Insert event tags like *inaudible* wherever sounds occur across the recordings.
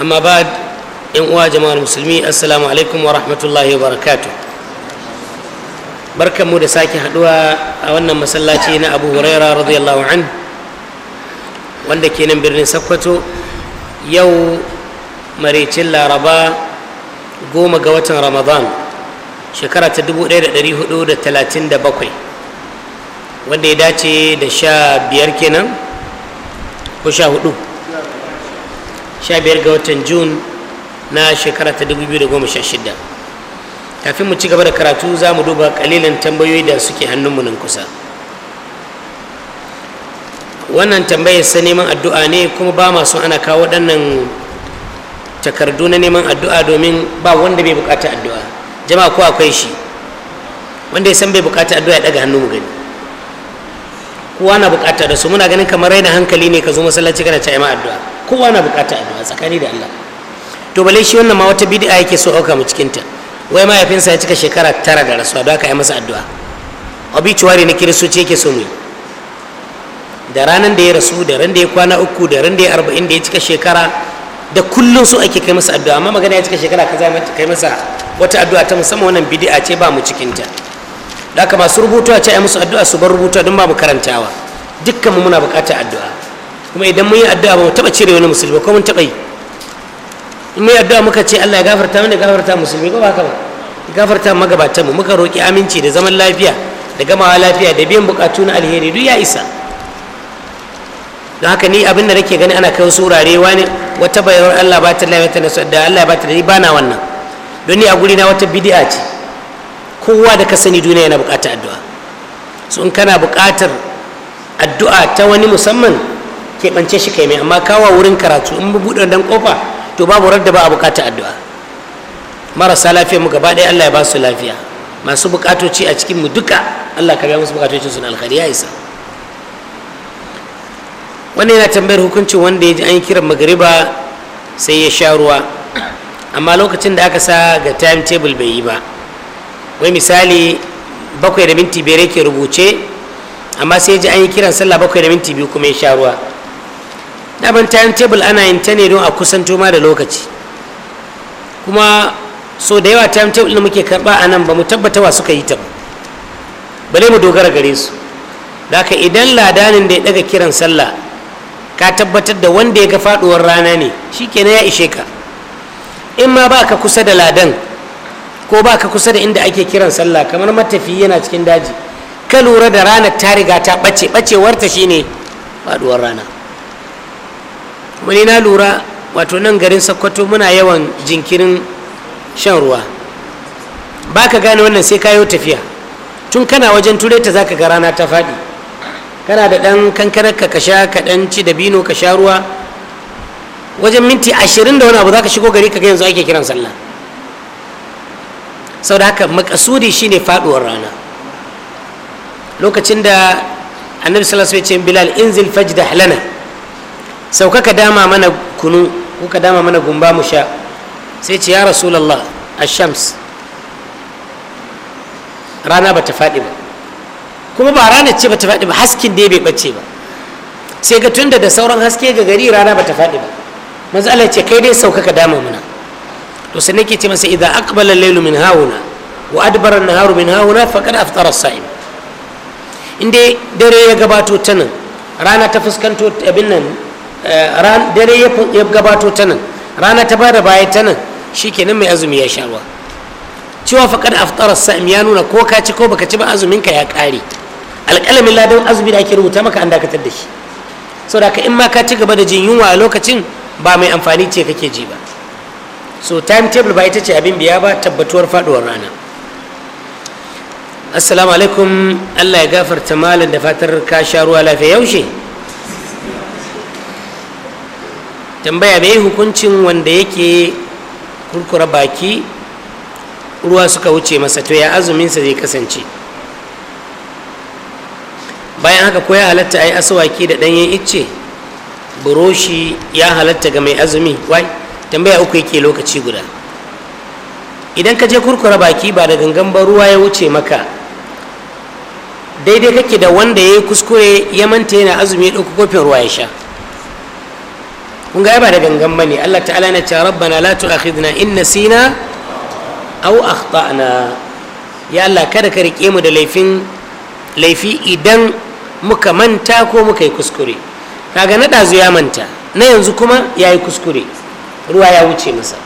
amma ba yan uwa jama'ar musulmi assalamu alaikum wa rahmatullahi wa barakatu barkanmu da sake haduwa a wannan masallaci na abu huraira radiyallahu an wanda ke nan birnin sakkwato yau maraicin laraba goma ga watan ramadan shekara ta dubu da da talatin 1437 wanda ya dace da sha biyar kenan ko sha hudu 15 ga watan jun na shekara ta 2016 kafin mu ci gaba da karatu za mu duba kalilan tambayoyi da suke hannunmu nan kusa wannan tambayar sa neman addu'a ne kuma ba masu ana kawo waɗannan takardu na neman addu'a domin ba wanda bai bukata addu'a jama'a ko akwai shi wanda ya san bai bukata addu'a ya daga hannu mu gani kowa na bukata da su muna ganin kamar raina hankali ne ka zo masallaci kana ta ma addu'a kowa na bukata addu'a tsakani da Allah to balai shi wannan ma wata bid'a yake so auka mu cikin ta wai sa ya cika shekara tara da rasuwa don haka yi masa addu'a obituary na kiristoci yake so mu da ranar da ya rasu da ran da ya kwana uku da ran da ya arba'in da ya cika shekara da kullum so ake kai masa addu'a amma magana ya cika shekara kaza kai masa wata addu'a ta musamman wannan bid'a ce ba mu cikin ta da haka masu rubutuwa ce ai musu addu'a su bar rubutuwa don ba mu karantawa dukkanmu muna bukatar addu'a kuma idan mun yi addu'a ba mu taɓa cire wani musulmi ko mun taɓa yi in mun yi addu'a muka ce Allah ya gafarta mana gafarta musulmi ko ba haka ba gafarta magabatan mu muka roki aminci da zaman lafiya da gamawa lafiya da biyan bukatu na alheri duk ya isa don haka ni abin da nake gani ana kai wasu wurare wani wata bayar Allah ba ta lafiya na da Allah ba ta da ba na wannan don ni a guri na wata bid'a ce kowa da ka sani duniya yana bukatar addu'a so in kana bukatar addu'a ta wani musamman keɓance shi kai mai amma kawa wurin karatu in buɗe dan kofa to babu da ba a bukata addu'a marasa lafiya mu gaba ɗaya Allah ya ba su lafiya masu bukatoci a cikin mu duka Allah ka biya musu bukatocin su na ya isa wannan yana tambayar hukuncin wanda ya ji an yi kiran magariba sai ya sha ruwa amma lokacin da aka sa ga time table bai yi ba wai misali bakwai da minti biyar yake rubuce amma sai ji an yi kiran sallah bakwai da minti biyu kuma ya sha ruwa daban time tebul ana yin ta ne don a kusanto ma da lokaci kuma so da yawa time table da muke karba a nan ba mu tabbata wa suka yi ta ba bale mu dogara gare su haka idan ladanin da ya daga kiran sallah ka tabbatar da wanda ya ga faduwar rana ne shi shikenan ya ishe ka in ma ba ka kusa da ladan ko ba ka kusa da inda ake kiran sallah kamar matafi yana cikin daji ka lura da ranar ta riga ta ɓace ɓacewarta shine faduwar rana wani na lura wato nan garin sakkwato muna yawan jinkirin shan ruwa ba ka gane wannan sai kayo tafiya tun kana wajen ture ta za ka ga rana ta faɗi kana da ɗan kankanar ka sha ka ɗan ci da bino ka sha ruwa wajen minti ashirin da wani abu za ka shigo gari ka ga yanzu ake kiran sallah sau da haka makasudi shine faɗuwar rana lokacin da annabi sallallahu alaihi wasallam bilal inzil da halana sauka ka dama mana kunu ko ka dama mana gumba mu sha sai ce ya rasulallah ashams rana ba ta faɗi ba kuma ba rana ce ba ta faɗi ba haskin dai bai ɓace ba sai ga tunda da sauran haske ga gari rana ba ta faɗi ba matsalar ce kai dai sauka ka dama mana to sai nake ce masa idan aqbala lailu min hauna wa adbara an-naharu min hauna faqad aftara as-sa'im inda dare ya gabato ta nan rana ta fuskanto abin nan Eh, dare ya gabato ta nan rana ta bada baya ta nan shikenan mai azumi ya sha ruwa cewa faƙar aftarar sa'im ya nuna ko ka ci ko baka ci ba azuminka ya ƙare alƙalamin ladan azumi da ake rubuta maka an dakatar da shi saboda ka in ma ka ci gaba da jin yunwa a lokacin ba mai amfani ce kake ji ba so table ba ita ce abin biya ba tabbatuwar faduwar rana assalamu alaikum allah ya gafarta malam da fatar ka sha ruwa lafiya yaushe tambaya yi hukuncin wanda yake kurkura baki ruwa suka wuce masa to ya azuminsa zai kasance bayan haka ko ya halatta a yi asawaki da ɗanyen icce buroshi ya halatta ga mai azumi wai tambaya uku yake lokaci guda idan ka je kurkura baki ba da gangan ba ruwa ya wuce maka daidai kake da wanda ya yi kuskure ya manta yana azumi ya ɗauki kofin ruwa ya sha kun ga ba da gangan bane Allah ta'ala na ce rabbana la tu'akhidna in nasina aw akhtana ya Allah kada ka rike mu da laifin laifi idan muka manta ko muka yi kuskure kaga na ɗazu ya manta na yanzu kuma ya yi kuskure ruwa ya wuce masa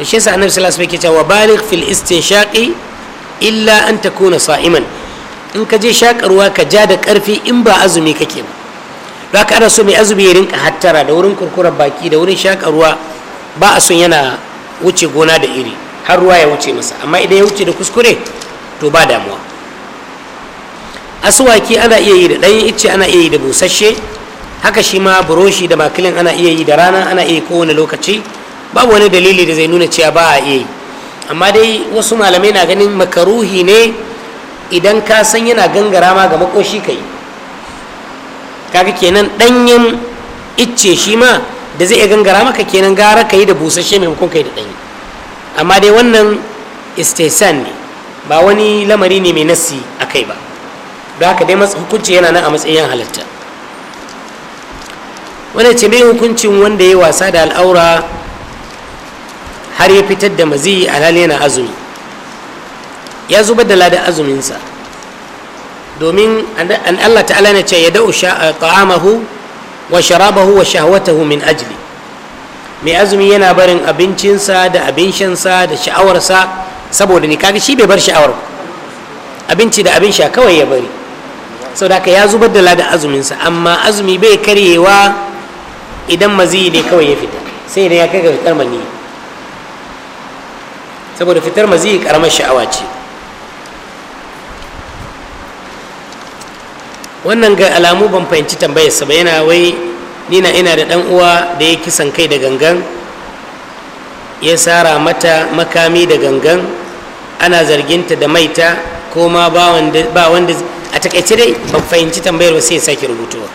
da shi yasa annabi sallallahu alaihi wasallam yake cewa baligh fil istinshaqi illa an takuna sa'iman in ka je shakarwa ruwa ka ja da ƙarfi in ba azumi kake ba za ka ana so mai azumi ya rinka hattara da wurin kurkurar baki da wurin shaƙa ruwa ba a son yana wuce gona da iri har ruwa ya wuce masa amma idan ya wuce da kuskure to ba damuwa asuwaki ana iya yi da ɗanyen icce ana iya yi da busasshe haka shi ma buroshi da makilin ana iya yi da rana ana iya yi kowane lokaci babu wani dalili da zai nuna cewa ba a iya yi amma dai wasu malamai na ganin makaruhi ne idan ka san yana gangara ma ga makoshi ka yi kaga kenan ɗanyen icce shi ma da zai iya gangara maka kenan gara ka yi da busasshe maimakon ka yi da ɗanyi amma dai wannan istesan ne ba wani lamari ne mai nassi a kai ba don haka dai hukunci yana nan a matsayin halitta wanda ce mai hukuncin wanda ya yi wasa da al'aura har ya fitar da a alhali yana azumi ya zubar da ladan azuminsa domin an Allah ta'ala ne ce ya da'u eh, ta'amahu wa sharabahu wa shahwatahu min ajli mai azumi yana barin abincinsa da abin shansa da sha'awarsa saboda ni kaga shi bai bar sha'awar abinci da abin sha kawai ya bari Sau da ya zubar da ladan azuminsa amma azumi bai karyewa idan maziyi ne kawai ya fita sai idan ya kai ga fitar maniyi saboda fitar maziyi karamar sha'awa ce wannan ga alamu ban fahimci tambayarsa ba yana wai nina ina da ɗan uwa da ya kisan kai da gangan ya sara mata makami da gangan ana zarginta da maita ko ma ba wanda a takaice dai ban fahimci tambayar ba sai ya sake rubutuwa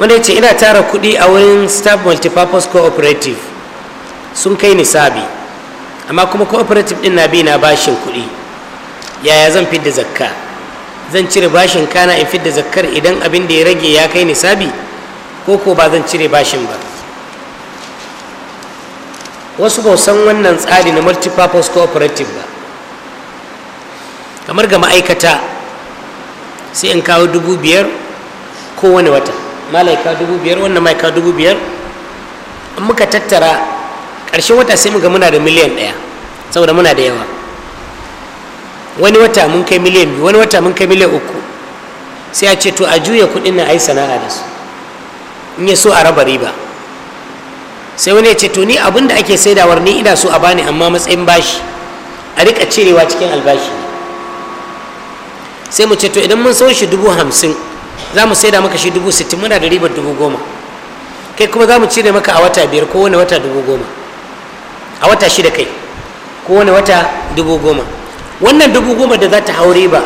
wanda ya ce ina tara kuɗi a wurin staff multipurpose cooperative sun kai nisabi amma kuma cooperative ɗin na bi na bashin kuɗi yaya zan fi da zakka zan cire bashin kana in fidda zakkar idan abin da ya rage ya kai nisabi ko ko ba zan cire bashin ba wasu ba san wannan tsari na multi-purpose cooperative ba kamar ga ma'aikata sai in kawo dubu biyar kowane wata malaika dubu biyar wannan malaika dubu biyar muka tattara ƙarshen wata sai muga muna da miliyan ɗaya saboda muna da yawa wani wata mun kai miliyan biyu wani wata mun kai miliyan uku sai a ce to a juya kuɗin nan a yi sana'a da su in ya so a raba riba sai wani ya ce to ni abin da ake saidawar ni ina so a bani amma matsayin bashi a rika cirewa cikin albashi sai mu ce to idan mun sau shi dubu hamsin za mu saida maka shi dubu sittin muna da ribar dubu goma kai kuma za mu cire maka a wata biyar ko wani wata dubu goma a wata shida kai ko wani wata dubu goma wannan dubu goma da za ta haure ba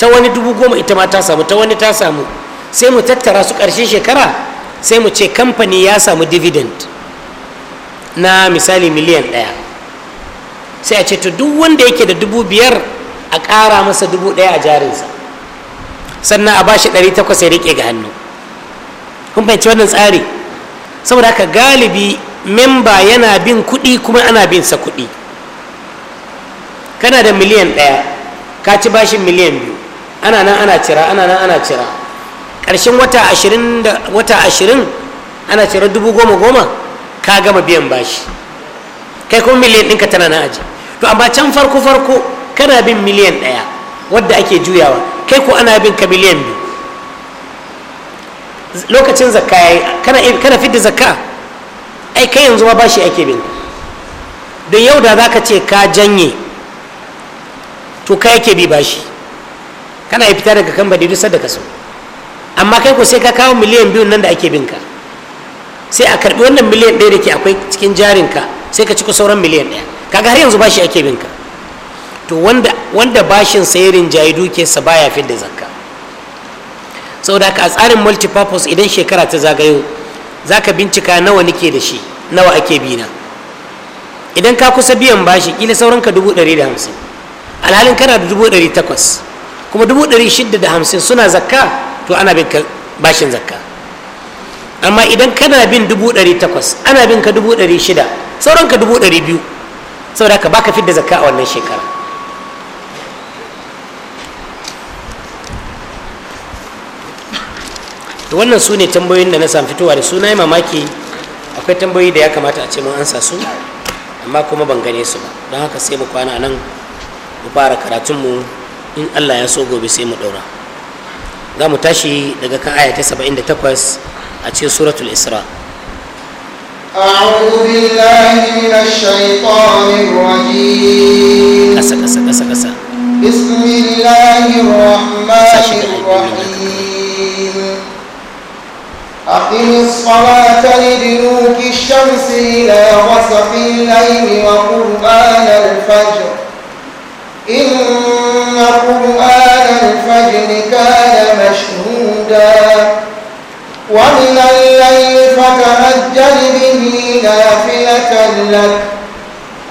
ta wani dubu goma ita ma ta samu ta wani ta samu sai mu tattara su ƙarshen shekara sai mu ce kamfani ya samu dividend na misali miliyan ɗaya sai a ce to duk wanda yake da dubu biyar a ƙara masa dubu ɗaya a jarinsa sannan a bashi ɗari takwas ya riƙe ga hannu kun fahimci wannan tsari saboda haka galibi memba yana bin kuɗi kuma ana bin sa kuɗi kana da miliyan ɗaya ka ci bashin miliyan biyu ana nan ana cira ana nan ana cira ƙarshen wata ashirin da wata ashirin ana cira dubu goma goma ka gama biyan bashi kai kuma miliyan ɗinka tana na aji to amma can farko farko kana bin miliyan ɗaya wadda ake juyawa kai ko ana bin ka miliyan biyu lokacin zakka yayi kana kana fidda zakka ai kai yanzu ma bashi ake bin don yau da zaka ce ka janye to kai yake bi bashi kana fita daga kan ba duk sadaka so amma kai ko sai ka kawo miliyan biyu nan da ake bin ka sai a karbi wannan miliyan ɗaya da ke akwai cikin jarin ka sai ka ciko sauran miliyan ɗaya kaga har yanzu bashi ake bin ka to wanda wanda bashin sayarin jayi sa baya da zakka saboda haka a tsarin multipurpose idan shekara ta zagayo za ka bincika nawa nake da shi nawa ake na idan ka kusa biyan bashi kila sauranka dubu ɗari da hamsin alhalin kana da dubu ɗari takwas kuma dubu ɗari shidda da hamsin suna zakka to ana bin ka bashin zakka amma idan kana bin dubu ɗari takwas ana bin ka dubu ɗari shida sauran ka dubu ɗari biyu saboda ka baka fidda zakka a wannan shekara to wannan su ne tambayoyin da na samu fitowa da suna yi mamaki akwai tambayoyi da ya kamata a ce mun ansa su amma kuma ban gane su ba don haka sai mu kwana nan mu fara karatunmu in allah ya so gobe sai mu ɗaura za mu tashi daga kan aya ta 78 a cikin suratul isra أعوذ بالله من الشيطان الرجيم كسا كسا كسا كسا بسم الله الرحمن الرحيم أقم الصلاة لدلوك الشمس إلى غسق الليل وقربان الفجر إن قرآن الفجر كان مشهودا ومن الليل فتهجر به نافلة لك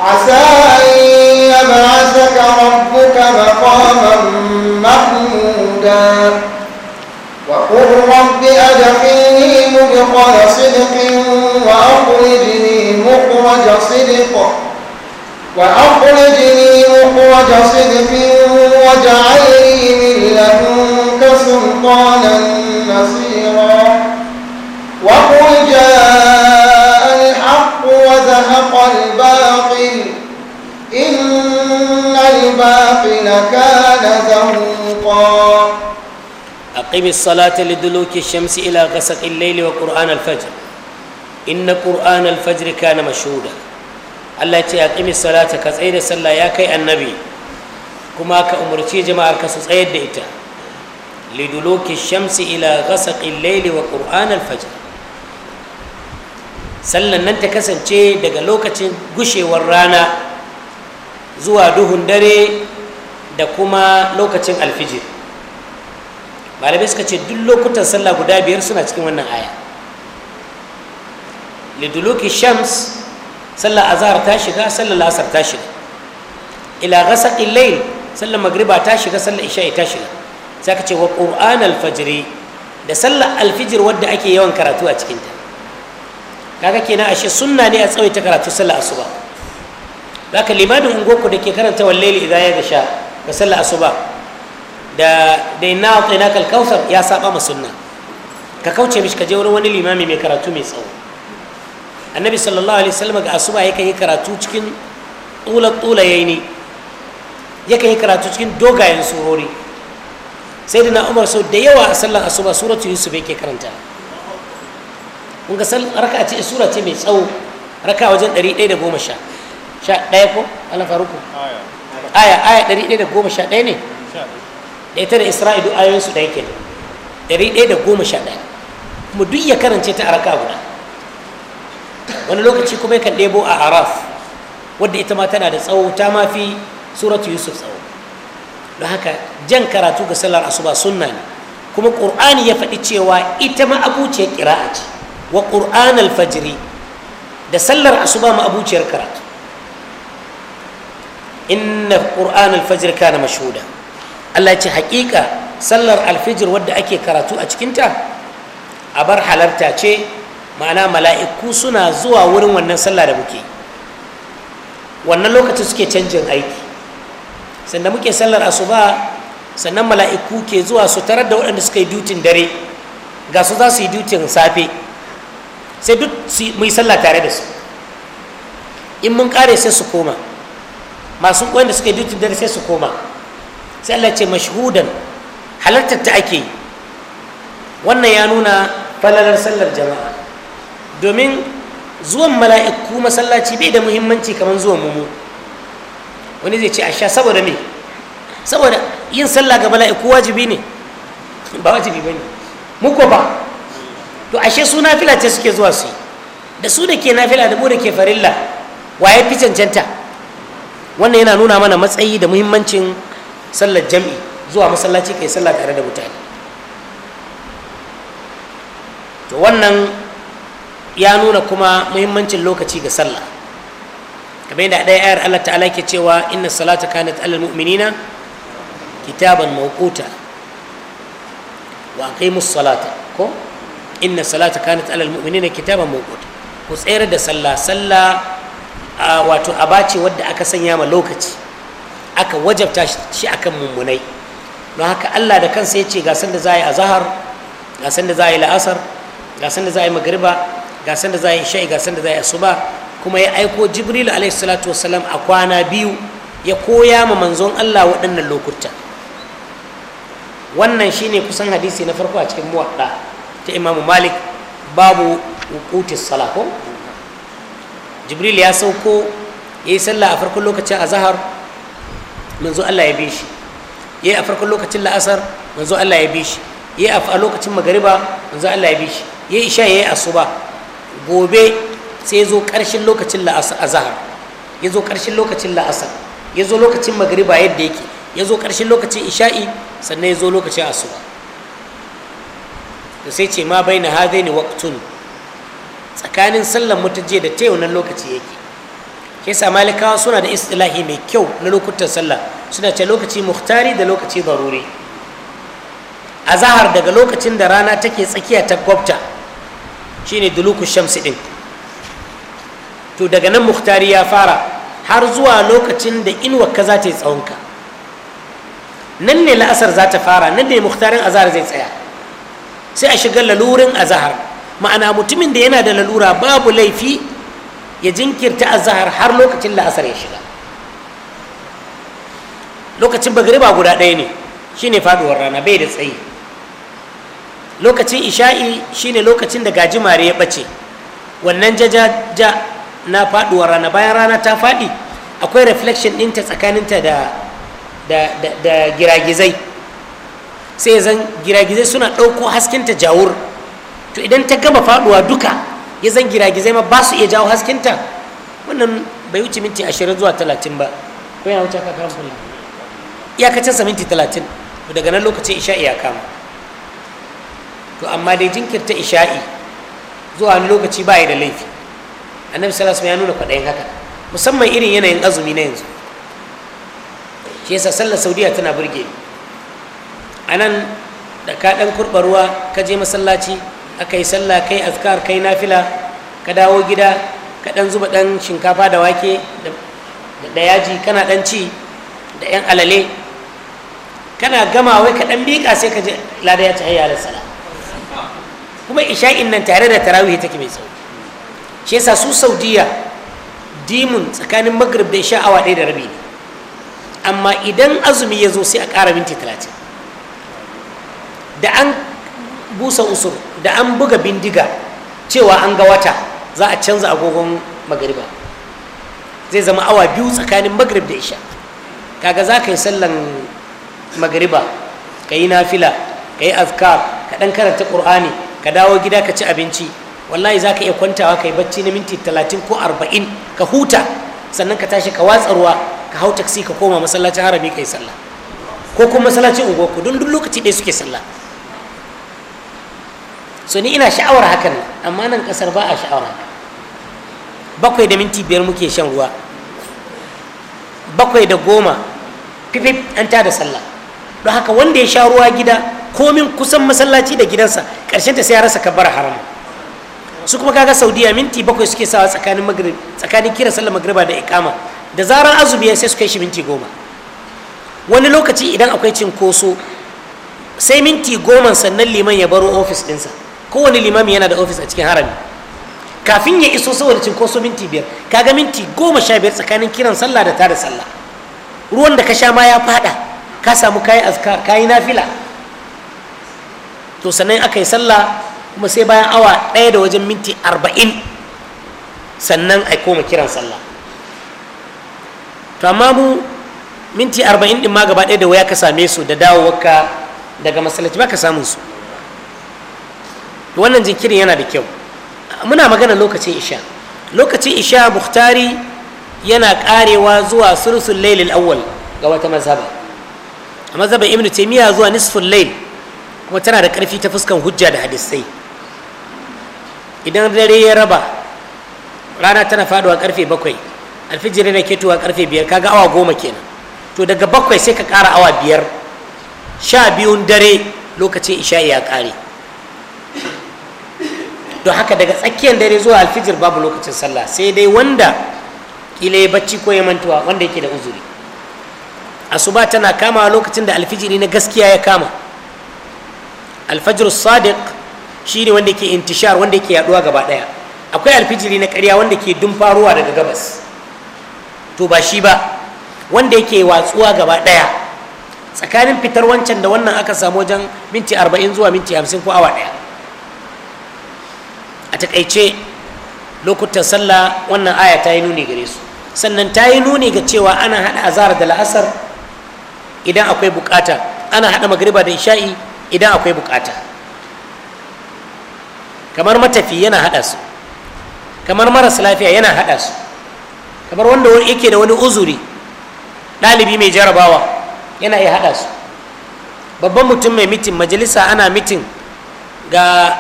عسى أن يبعثك ربك مقاما محمودا وقل رب أدخلني مدخل صدق وأخرجني مخرج صدق وأخرجني عقوج صدق واجعل لي من لدنك سلطانا نصيرا وقل جاء الحق وزهق الباطل إن الباطل كان زهوقا أقم الصلاة لدلوك الشمس إلى غسق الليل وقرآن الفجر إن قرآن الفجر كان مشهودا Allah ce a ƙimis salata ka tsaye da sallah ya kai annabi kuma ka umarci jama'ar ka su tsayar da ita liduluki shamsi ila gasa layli wa qur'an al sallan nan ta kasance daga lokacin gushewar rana zuwa duhun dare da kuma lokacin alfijir malamai suka ce duk lokutan sallah guda biyar suna cikin wannan aya liduluki shams sallar azhar ta shiga sallar lasar ta shiga ila ghasaqil layl sallar magriba ta shiga sallar isha'i ta shiga sai ka ce wa qur'an al-fajr da sallar al wadda ake yawan karatu a cikin ta kaga kenan ashe sunna ne a ta karatu sallar asuba zaka limamin ungoku da ke karanta wallaili idan ya gasha ga sallar asuba da da inna a'tainaka ya saba ma sunna ka kauce mishi ka je wurin wani limami mai karatu mai tsawo annabi sallallahu alaihi wasallam ga asuba yakan yi karatu cikin tsulatsulayai ne yakan yi karatu cikin dogayen surori sai da na umar sau da yawa a sallan asuba suratu yusuf yake karanta kun ga raka ce sura ce mai tsawo raka wajen 110 sha ɗaya ko ala faruku aya aya 111 ne da ita da isra'ilu ayoyinsu da yake 111 kuma duk ya karance ta a raka guda wani lokaci kuma yakan ɗebo a araf wadda ita ma tana da tsawo ta ma fi suratu yusuf tsawo don haka jan karatu ga sallar asuba sunna ne kuma ƙur'ani ya faɗi cewa ita ma abuciyar ƙira'a ce wa ƙur'an alfajiri da sallar asuba ma abuciyar karatu inna ƙur'an alfajir kana mashuda Allah ce haƙiƙa sallar alfijir wadda ake karatu a cikinta a bar halarta ce ma'ana mala'iku suna zuwa wurin wannan sallah da muke wannan lokacin suke canjin aiki sannan muke sallar asuba sannan mala'iku ke zuwa su tarar da waɗanda suka yi dutin dare ga su za su yi dutin safe sai duk mai sallah tare da su in mun kare sai su koma masu wanda suka yi dutin dare sai su koma sai Allah ce mashhudan halartar ta ake wannan ya nuna falalar sallar jama'a domin zuwan mala'iku masallaci bai da muhimmanci kamar zuwan mu wani zai ce a sha saboda me saboda yin sallah ga mala'iku wajibi ne ba wajibi ba ne muku ba to ashe su nafila ce suke zuwa su da su da ke nafila da mu da ke farilla waye fi cancanta wannan yana nuna mana matsayi da muhimmancin sallar jam'i zuwa masallaci kai sallah tare da mutane to wannan ya nuna kuma muhimmancin lokaci ga sallah kamar yadda ɗaya ayar Allah ta'ala ke cewa inna salata kanat alal mu'minina kitaban mawquta wa aqimus salata ko inna salata kanat alal mu'minina kitaban mawquta ku tsayar da sallah sallah wato abace wadda aka sanya ma lokaci aka wajabta shi akan mummunai don haka Allah da kansa ya ce gasan da za a yi azahar gasan da za a yi la'asar gasan da za a yi magariba ga sanda za a yi sha'i ga sanda za a yi asuba kuma ya aiko jibril alaihi salatu wasalam a kwana biyu ya koya ma manzon allah waɗannan lokuta wannan shine kusan hadisi na farko a cikin muwadda ta imamu malik babu wukutis salako jibril ya sauko ya yi sallah a farkon lokacin azahar manzo allah ya bi shi ya yi a farkon lokacin la'asar manzo allah ya bi shi ya yi a lokacin magariba manzo allah ya bi shi ya yi isha ya yi asuba gobe sai zo ƙarshen lokacin azahar ya zo ƙarshen lokacin la'asar ya zo lokacin magariba yadda yake ya zo ƙarshen lokacin isha'i sannan ya zo lokacin asuba da sai ce ma bai na hazai ne waktun tsakanin sallan mutunje da ta nan lokaci yake ke sa malikawa suna da istilahi mai kyau na lokutan sallah suna ce lokaci muhtari da lokaci zaruri azahar daga lokacin da rana take tsakiya ta gwabta shine duluku shamsi din to daga nan muktari ya fara har zuwa lokacin da inuwar ka za ta yi tsawonka nan ne la'asar za ta fara nan ne muhtarin azahar zai tsaya sai a shiga lalurin azahar ma'ana mutumin da yana da lalura babu laifi ya jinkirta azahar har lokacin la'asar ya shiga lokacin bagariba guda ɗaya ne shine faduwar rana bai da tsayi lokacin isha'i shine lokacin da gajimare ya bace wannan jajaja na faduwar rana bayan rana ta fadi akwai reflection ɗinta tsakaninta da da da giragizai sai zan giragizai suna ɗauko haskinta jawur to idan ta gaba faduwa duka ya zan giragizai ma ba su iya jawo haskinta wannan bai wuce minti ashirin zuwa talatin ba ko yana wuce ka kama iyakacinsa minti talatin daga nan lokacin isha'i ya kama to amma dai jinkirta isha'i zuwa wani lokaci ba da laifi annabi sallallahu ya nuna kwaɗayin haka musamman irin yanayin azumi na yanzu shi yasa sallar saudiya tana burge ni a nan da ka ɗan kurɓa ruwa ka je masallaci aka yi sallah kai azkar kai nafila ka dawo gida ka ɗan zuba ɗan shinkafa da wake da yaji kana ɗan ci da 'yan alale kana gama wai ka ɗan miƙa sai ka je lada ya ci hayya sala kuma isha'in nan tare da tarawih take mai tsawo shi yasa su saudiya dimun tsakanin maghrib da isha awa ɗaya da rabi ne amma idan azumi ya zo sai a ƙara minti talatin da an busa usur da an buga bindiga cewa an ga wata za a canza agogon magariba zai zama awa biyu tsakanin magrib da isha kaga za ka yi sallan magariba ka yi nafila ka yi azkar ka ɗan karanta ƙur'ani ka dawo gida ka ci abinci wallahi za ka iya kwantawa ka yi bacci na minti talatin ko arba'in ka huta sannan ka tashi ka watsa ruwa ka hau taksi ka koma masallacin harami ka yi sallah ko kuma masallacin unguwarku don duk lokaci ɗaya suke sallah so ni ina sha'awar hakan amma nan kasar ba a sha'awar haka bakwai da minti biyar muke shan ruwa bakwai da goma pipip an da sallah don haka wanda ya sha ruwa gida komin kusan masallaci da gidansa ƙarshen ta sai ya rasa kabbar haram su kuma kaga saudiya minti bakwai suke sawa tsakanin magrib tsakanin kira sallar magriba da ikama da zarar azumi sai su kai shi minti goma wani lokaci idan akwai cinkoso sai minti goma sannan liman ya baro ofis dinsa kowane limami yana da ofis a cikin harami kafin ya iso saboda cinkoso minti biyar kaga minti goma sha biyar tsakanin kiran sallah da tara sallah ruwan da ka sha ma ya fada ka samu kayi azkar kayi nafila to sannan aka yi sallah kuma sai bayan awa ɗaya da wajen minti arba'in sannan a koma kiran sallah to amma mu minti arba'in ɗin ma gaba ɗaya da waya ka same su da dawowarka daga masallaci ba ka samun su wannan jinkirin yana da kyau muna magana lokacin isha lokacin isha muhtari yana karewa zuwa sulusul lailil awwal ga wata mazhaba a mazhaban ibnu taymiya zuwa nisful lail kuma tana da ƙarfi ta fuskan hujja da hadisai idan dare ya raba rana tana faduwa karfe bakwai alfijiri na ketowa karfe biyar kaga awa goma kenan to daga bakwai sai ka kara awa biyar sha biyun dare lokacin isha ya ƙare don haka daga tsakiyar dare zuwa alfijir babu lokacin sallah sai dai wanda kila ya bacci ko ya mantuwa wanda yake da uzuri asuba tana kamawa lokacin da alfijiri na gaskiya ya kama Alfajir sadiq shine wanda ke intishar wanda ke yaduwa gaba daya akwai alfijiri na karya wanda ke dumfaruwa daga gabas to ba shi ba wanda yake watsuwa gaba daya tsakanin fitar wancan da wannan aka samu wajen minti 40 zuwa minti 50 ko awa daya a takaice lokutan sallah wannan aya ta yi nuni gare su sannan ta yi nuni ga cewa ana hada azhar da la'asar idan akwai bukata ana hada magariba da isha'i idan akwai bukata kamar matafi yana haɗa su kamar maras lafiya yana haɗa su kamar wanda yake da wani uzuri ɗalibi mai jarabawa yana iya haɗa su babban mutum mai mitin majalisa ana mitin ga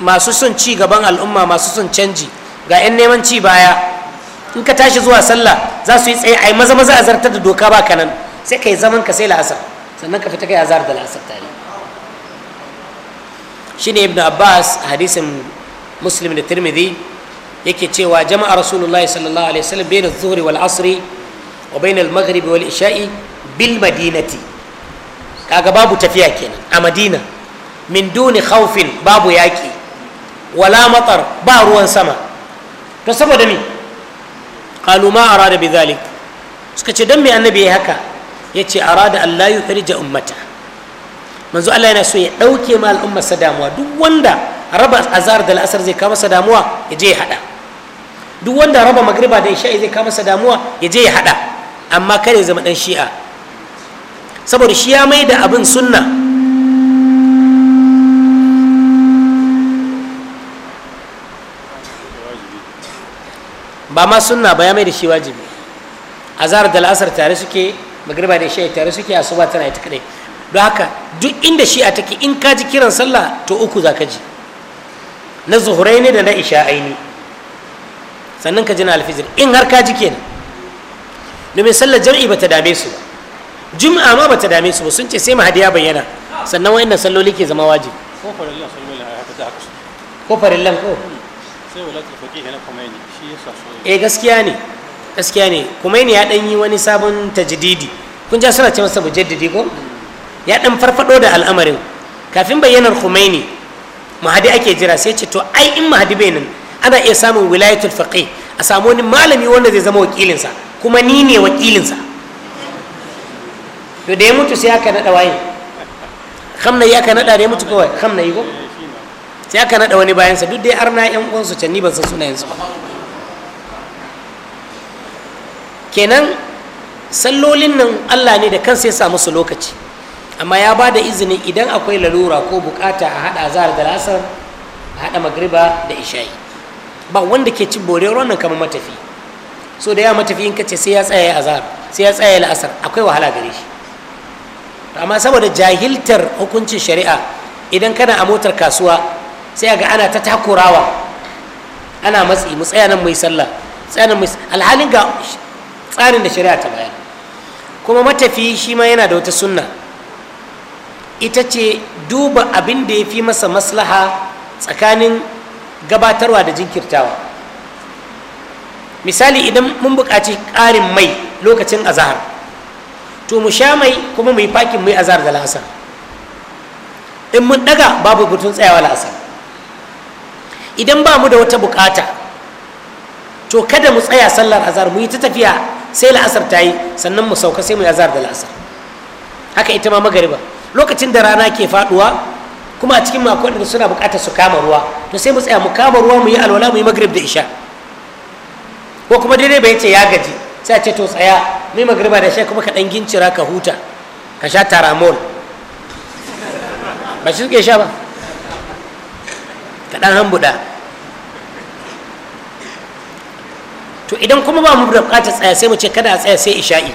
masu son ci gaban al'umma masu son canji ga 'yan neman ci baya in ka tashi zuwa sallah za su yi tsaye a yi maza maza a zartar da doka ba kanan sai ka yi zaman ka sai la'asar sannan ka fita kai azar da la'asar tare shine ibn abbas hadisin muslim da tirmidhi yake cewa jama'a rasulullahi sallallahu alaihi wasallam bain adh-dhuhri wal asri wa bain al-maghrib wal isha'i bil madinati kaga babu tafiya kenan a madina min duni khawfin babu yaki wala matar ba ruwan sama to saboda me qalu ma arada bidhalik suka ce dan me annabi yayi haka yace arada an la yukhrija ummata manzo Allah yana so ya dauke ma al'ummar sa damuwa duk wanda raba azar da la'asar zai kama masa damuwa ya je ya hada duk wanda raba magriba da isha'i zai kama masa damuwa ya je ya hada amma kare zama dan shi'a saboda shi ya mai da abin sunna ba ma sunna ba ya mai da shi wajibi azhar da al'asar tare suke magriba da isha tare suke asuba tana ita kadai don haka duk inda a take in ka ji kiran sallah to uku za ka ji na zuhurai ne da na isha aini sannan ka ji na alfijir in har ka ji kenan domin sallar jam'i ba ta dame su ba juma'a ma ba ta dame su ba sun ce sai mu hadiya bayyana sannan wayannan salloli ke zama wajibi ko farillan salloli ko farillan ko hmm. sai na shi eh gaskiya ne gaskiya ne ya ɗan yi wani sabon tajdidi kun ja suna ce masa mujaddidi ko ya dan farfado da al'amarin kafin bayyanar Khomeini mahadi ake jira sai ce to ai in mahadi bai nan ana iya samun wilayatul faqih a samu wani malami wanda zai zama wakilinsa kuma ni ne wakilinsa to da ya mutu sai aka naɗa waye hamna ya ka naɗa da ya mutu kawai khamna yi go sai aka naɗa wani bayan sa duk dai arna yan uwansu su canni ban san sunayensu ba kenan sallolin nan allah ne da kansa ya samu su lokaci amma ya ba da izini idan akwai lalura ko bukata a haɗa zahar da lasar a haɗa magriba da isha'i ba wanda ke cin borewar wannan kamar matafi so da yawa matafi in kace sai ya tsaya azahar sai ya tsaya la'asar akwai wahala gare shi amma saboda jahiltar hukuncin shari'a idan kana a motar kasuwa sai ga ana ta takurawa ana matsi mu tsaya nan mai sallah tsaya nan alhalin ga tsarin da shari'a ta bayar kuma matafi shi ma yana da wata sunna ita ce duba abin da ya fi masa maslaha tsakanin gabatarwa da jinkirtawa misali idan mun buƙaci ƙarin mai lokacin azahar to mu sha mai kuma mu yi fakin mai azahar da la'asar in mun ɗaga babu butun tsayawa la'asar idan ba mu da wata buƙata to kada mu tsaya sallar azahar mu yi ta tafiya sai la'asar ta yi sannan mu sauka sai mu yi azahar da la'asar haka ita ma magariba lokacin da rana ke faduwa kuma a cikin makon da suna bukatar su kama ruwa to sai mu tsaya mu kama ruwa mu yi alwala mu yi magrib da isha ko kuma daidai bai ce ya gaji sai a ce to tsaya mu yi magriba da isha kuma ka dan gincira ka huta ka sha taramol ba shi suke sha ba ka dan hambuda to idan kuma ba mu da bukatar tsaya sai mu ce kada a tsaya sai isha'i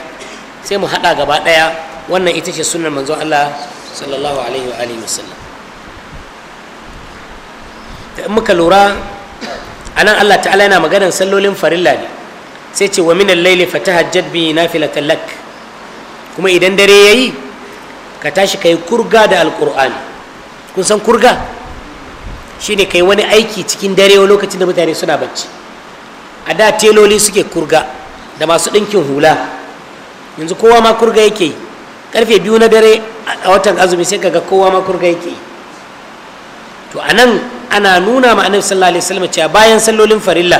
sai mu hada gaba daya wannan ita ce sunan manzo Allah sallallahu alaihi wa alihi wasallam in muka lura anan Allah ta'ala yana maganar sallolin farilla ne sai ce wa min al-layli fatahajjad bi nafilatan lak kuma idan dare yayi ka tashi kai kurga da alqur'ani kun san kurga shine kai wani aiki cikin dare lokacin da mutane suna bacci a da teloli suke kurga da masu ɗinkin hula yanzu kowa ma kurga yake yi karfe biyu na dare a watan azumi sai kaga kowa makurga yake to anan ana nuna ma annabi sallallahu alaihi wasallam cewa bayan sallolin farilla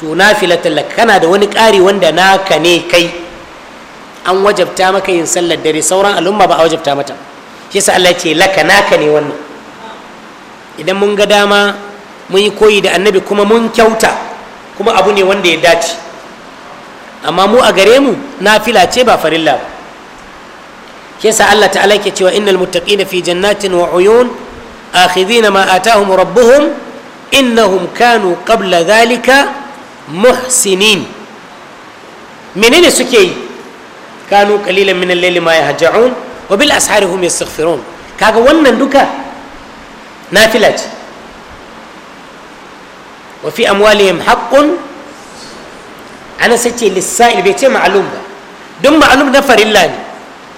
to nafilatan lak kana da wani ƙari wanda naka ne kai an wajabta maka yin sallar dare sauran al'umma ba a wajabta mata shi yasa Allah ce laka naka ne wannan idan mun ga dama mun yi koyi da annabi kuma mun kyauta kuma abu ne wanda ya dace amma mu a gare mu nafila ce ba farilla ba shi Allah ta'ala ke cewa innal muttaqina fi jannatin wa uyun akhidhina ma atahum rabbuhum innahum kanu qabla dhalika muhsinin menene suke yi kanu qalilan min al-layli ma yahja'un wa bil ashari hum yastaghfirun kaga wannan duka nafila ce wa fi amwalihim haqqun ana sace lissa'il bai ce ma'lum ba don ma'lum na farilla ne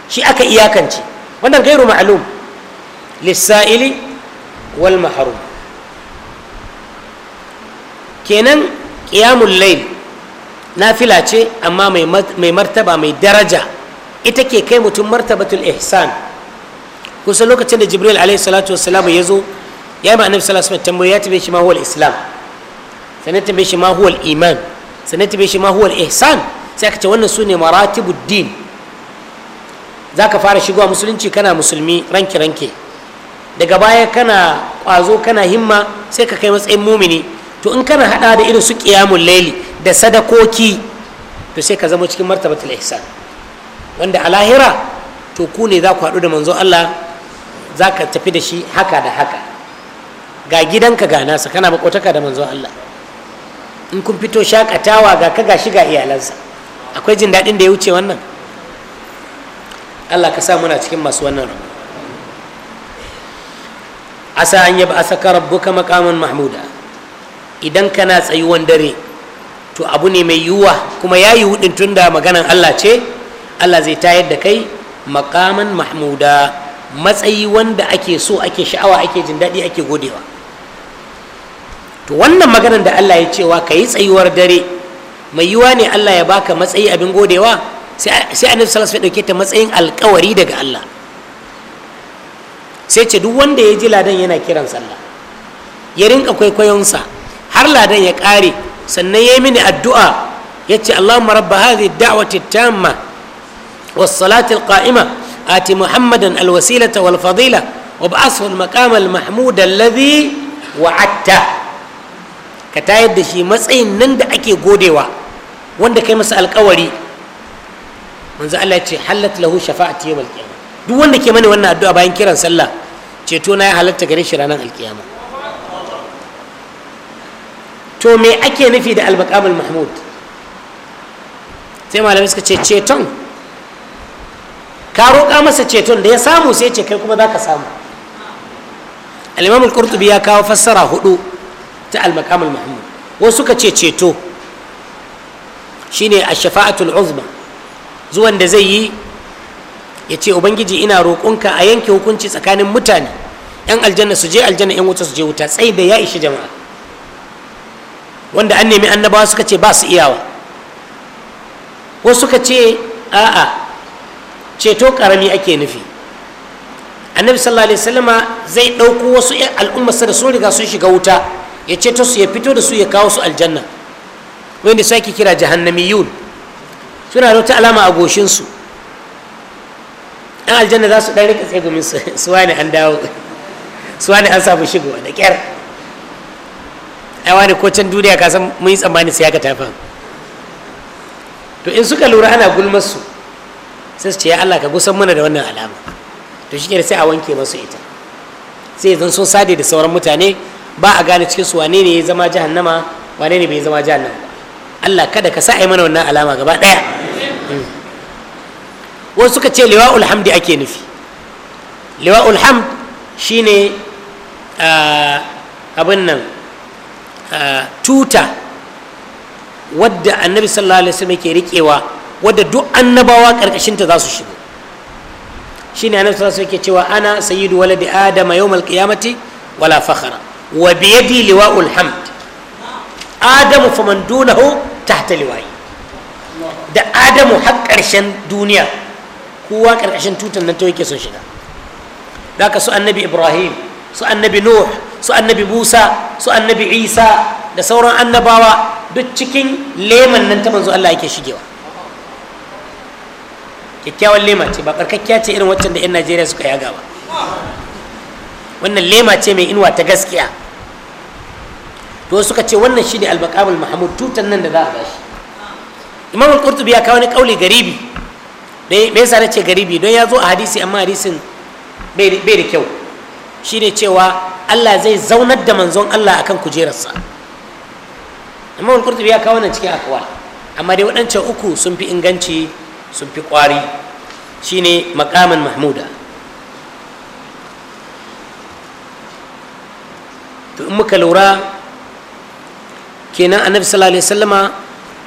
shi aka iyakance wannan gairu ma'lum lissa'ili wal maharum, kenan qiyamul layl nafila ce amma mai martaba mai daraja ita ke kai mutum martabatul ihsan kusa lokacin da jibril alaihi salatu wassalam ya zo ya yi annabi sallallahu alaihi tambaye ya tabe shi ma huwal islam sannan tabe shi ma huwal iman sannan tabe shi ma huwal ihsan sai aka ce wannan ne maratibu din za ka fara shigowa musulunci kana musulmi ranke ranke daga baya kana ƙwazo kana himma sai ka kai matsayin mumini to in kana hada da irin su kiyamun laili da sadakoki to sai ka zama cikin martabatul ihsan wanda a lahira to ku ne za ku haɗu da manzo Allah za ka tafi da shi haka da haka ga gidanka ga nasa kana makotaka da manzo Allah in kun fito shakatawa ga ka ga ga iyalansa akwai jin daɗin da ya wuce wannan Allah ka sa muna cikin masu wannan rabo asa an yaba asaka rabbuka maqaman mahmuda idan kana tsayuwan dare to abu ne mai yiwuwa kuma ya yiwu tun tunda maganan Allah ce Allah zai tayar da kai makaman mahmuda matsayi wanda ake so ake sha'awa ake jin daɗi ake godewa to wannan maganar da Allah ya cewa ka yi tsayuwar dare mai yiwuwa ne Allah ya baka matsayi abin godewa sai annabi sallallahu alaihi ta matsayin alkawari daga Allah sai ce duk wanda ya ji ladan yana kiran sallah ya rinka sa har ladan ya kare sannan ya yi mini addu'a ya ce allahumma rabba hadhihi da'wati tamma was salati alqa'ima ati muhammadan alwasilata wal fadila wa ba'athu al maqam al mahmud alladhi wa'atta ka tayar da shi matsayin nan da ake godewa wanda kai masa alkawari manzo Allah ce halat lahu shafa'ati yawmal qiyamah duk wanda ke mani wannan addu'a bayan kiran sallah ceto na ya halatta gare shi ranar alkiyama to me ake nufi da albaqamul mahmud sai malamai suka ce ceton ka roƙa masa ceton da ya samu sai ce kai kuma za ka samu al-imamul qurtubi ya kawo fassara hudu ta al-maqamul mahmud wasu suka ce ceto shine ash-shafa'atul uzma zuwan da zai yi ya ce ubangiji ina roƙonka a yanke hukunci tsakanin mutane yan aljanna su je aljanna yan wuta su je wuta tsayi da ya ishi jama'a wanda an nemi annabawa suka ce ba su iyawa Ko suka ce a'a ceto karami ake nufi annabi sallallahu alaihi wasallama zai ɗauko wasu al'ummarsa da su riga sun shiga wuta ya ceto su ya fito da su ya kawo su aljanna wanda sake kira jahannamiyun suna da wata alama a goshinsu ɗan aljanna za su ɗan rika domin su wani an dawo su wani an samu shigowa da ƙyar ai wani ko can duniya ka san mun yi tsammani sai ka tafa to in suka lura ana gulmarsu su sai su ce ya Allah ka gusan mana da wannan alama to shi sai a wanke masu ita sai zan sun sade da sauran mutane ba a gane cikin su wane ne ya zama jahannama wane ne bai zama jahannama Allah kada ka sa mana wannan alama gaba ɗaya wasu suka ce liwa'ul hamdi ake nufi liwa'ul hamd shine ah, abin nan ah, tuta wadda annabi sallallahu alaihi wasallam yake riƙewa wadda duk annabawa ƙarƙashinta za su shigo shine annabi sallallahu alaihi wasallam yake cewa ana sayyidu waladi adama yawmal qiyamati wala fakhara wa biyadi liwa'ul hamd adamu faman dunahu tahta liwa'i da adamu har ƙarshen duniya kowa ƙarƙashin tutan nan ta yake son shiga da ka su annabi ibrahim su annabi nuh su annabi musa su annabi isa da sauran annabawa duk cikin leman nan ta manzo allah yake shigewa kyakkyawan lema ce ba karkakkiya ce irin waccan da 'yan najeriya suka yaga ba wannan lema ce mai inuwa ta gaskiya to suka ce wannan shi ne albakamun mahamud tutan nan da za a bashi imam al-qurtubi ya kawo ni kauli garibi me yasa nace garibi don ya zo a hadisi amma hadisin bai da kyau shine cewa Allah zai zaunar da manzon Allah akan kujerarsa imam al-qurtubi ya kawo wannan cikin akwal amma dai waɗancan uku sun fi inganci sun fi shi shine makamin mahmuda to in muka lura kenan annabi sallallahu alaihi wasallama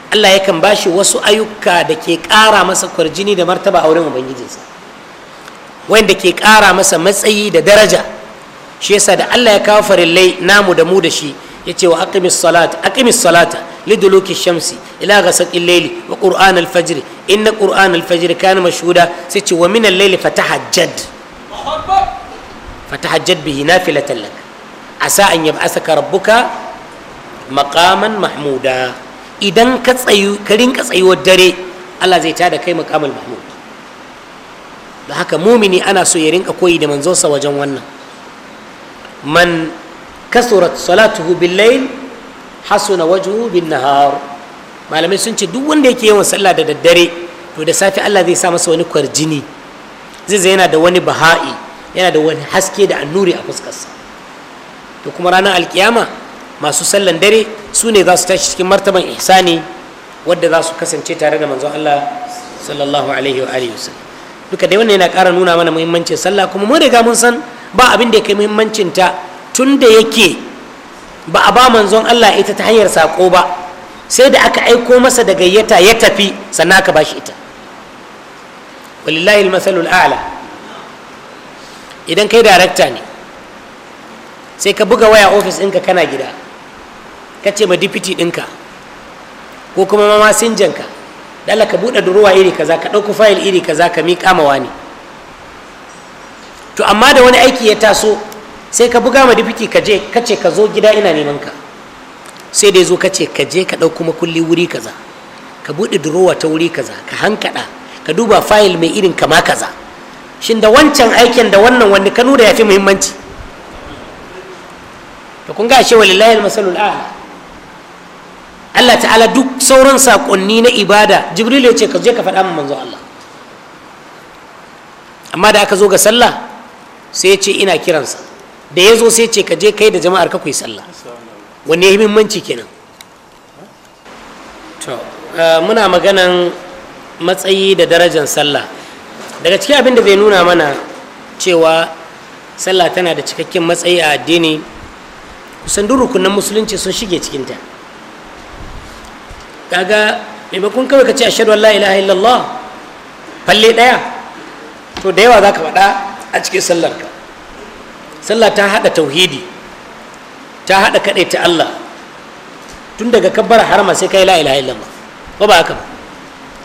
Allah yakan ba shi wasu ayyuka da ke ƙara masa kwarjini da martaba a wurin ubangijinsa wanda ke ƙara masa matsayi da daraja shi yasa da Allah ya kawo farillai namu da mu da shi ya ce wa aqimis salata aqimis salata liduluki shamsi ila ghasaqil layli wa qur'an al-fajr inna qur'an al-fajr kana mashhuda sai ce wa min al-layli fatahajjad fatahajjad bihi nafilatan lak asa an yab'asaka rabbuka maqaman mahmuda idan ka tsayu ka rinka tsayuwar dare Allah zai da kai makamul mahmud da haka mumini ana so ya rinka koyi da sa wajen wannan man kasurat salatuhu bil layl hasuna wajhu bin nahar malamai sun ce duk wanda yake yawan sallah da daddare to da safe Allah zai sa masa wani kwarjini zai zai yana da wani baha'i yana da wani haske da annuri a fuskarsa to kuma ranar alkiyama masu sallan dare su ne za su tashi cikin martaban ihsani wadda za su kasance tare da manzon Allah sallallahu alaihi wa alihi wasallam duka dai wannan yana ƙara nuna mana muhimmancin sallah kuma mun riga mun san ba abin da ya muhimmancin ta tun da yake ba a ba manzon Allah ita ta hanyar sako ba sai da aka aiko masa da gayyata ya tafi sannan aka bashi ita walillahi almasalul a'la idan kai darakta ne sai ka buga waya ofis ɗinka kana gida ka ce ma dipiti ɗinka ko kuma ma masinjanka da ka buɗe durowa iri kaza ka ɗauko fayil iri kaza ka miƙa ma wani to amma da wani aiki ya taso sai ka buga ma dipiti ka je ka ce ka zo gida ina neman ka sai dai zo ka ce ka je ka ɗauko makulli wuri kaza ka buɗe durowa ta wuri kaza ka hankaɗa ka duba fayil mai irin kama kaza shin da wancan aikin da wannan wanda ka nuna ya fi muhimmanci to kun ga ashe walillahi almasalul a'la Allah ta'ala duk sauran saƙonni na ibada jibril ya ce ka je ka faɗa min manzo Allah amma da aka zo ga sallah sai ya ce ina kiransa da ya zo sai ce ka je kai da jama'ar ka ku yi sallah wanne ya muhimmanci kenan to eh, muna maganan matsayi da darajar sallah daga cikin abin da zai nuna mana cewa sallah tana da cikakken matsayi a addini kusan duk rukunan musulunci sun shige cikinta kaga maimakon kawai ka ce a an la ilaha illallah falle daya to da yawa za ka faɗa a cikin sallar ka sallah ta haɗa tauhidi ta haɗa kaɗai ta Allah tun daga kabbar harama sai kai la ilaha illallah ko ba haka ba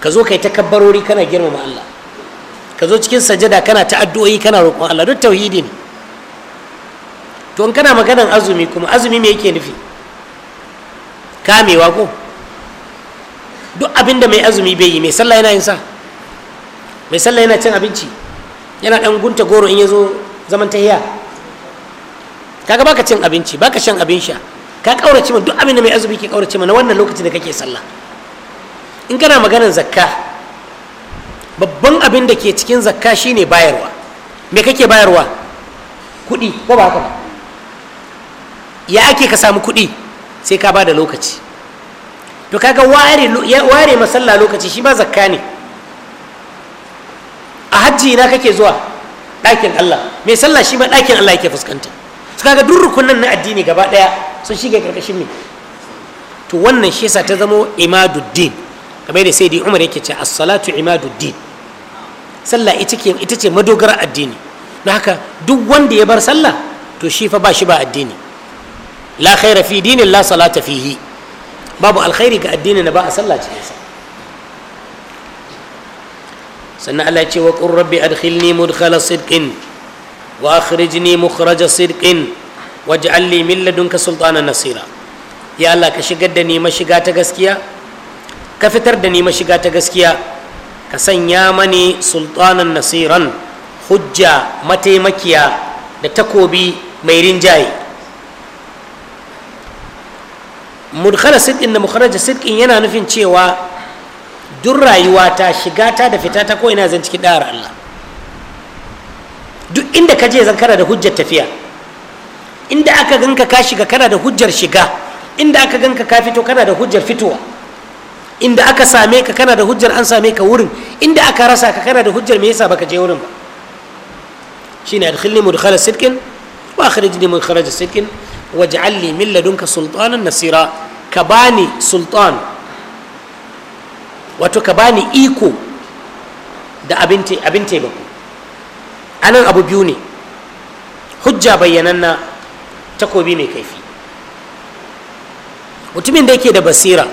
ka zo kai ta kabbarori kana girmama Allah ka zo cikin sajada kana ta addu'o'i kana roƙon Allah duk tauhidi ne to in kana maganar azumi kuma azumi me yake nufi kamewa ko duk abin da mai azumi bai yi mai sallah yana yin sa mai sallah yana cin abinci yana dan gunta goro in ya zo zaman tahiya kaga baka cin abinci baka shan abin sha ka kaurace ma duk abin da mai azumi ke kaurace ma na wannan lokacin da kake sallah in kana maganar zakka babban abin da ke cikin zakka shine bayarwa me kake bayarwa kuɗi ko ba haka ba ya ake ka samu kuɗi sai ka ba da lokaci to kaga ware ware masalla lokaci shi ma zakka ne a hajji na kake zuwa ɗakin Allah mai sallah shi ma ɗakin Allah yake fuskanta su kaga duk rukunan na addini gaba ɗaya sun shige karkashin ne to wannan shi yasa ta zamo imaduddin kamar da sai dai Umar yake ce as-salatu imaduddin sallah ita ita ce madogara addini na haka duk wanda ya bar sallah to shi fa ba shi ba addini la khaira fi dinin la salata fihi babu alkhairi ga addini na ba a sallah cikin sa sannan Allah ce wa qur rabbi adkhilni mudkhala sidqin wa akhrijni mukhraja sidqin waj'al li min ladunka sultanan nasira ya Allah ka shigar da ni mashiga ta gaskiya ka fitar da ni mashiga ta gaskiya ka sanya mani sultanan nasiran hujja mataimakiya da takobi mai rinjaye mudkhala sidqin da mukharaja sidqin yana nufin cewa duk rayuwata shigata da fitata ko ina zan cikin da'ar Allah duk inda ka je zan kana da hujjar tafiya inda aka ganka ka shiga kana da hujjar shiga inda aka ganka ka fito kana da hujjar fitowa inda aka same ka kana da hujjar an same ka wurin inda aka rasa ka kana da hujjar me yasa baka je wurin ba shine adkhilni mudkhala sidqin wa akhrijni min kharaja sidqin waj'al li min ladunka sultanan nasira ka bani sultan wato ka bani iko da abin taimako a nan abu biyu ne hujja bayyananna takobi mai kaifi mutumin da yake da basira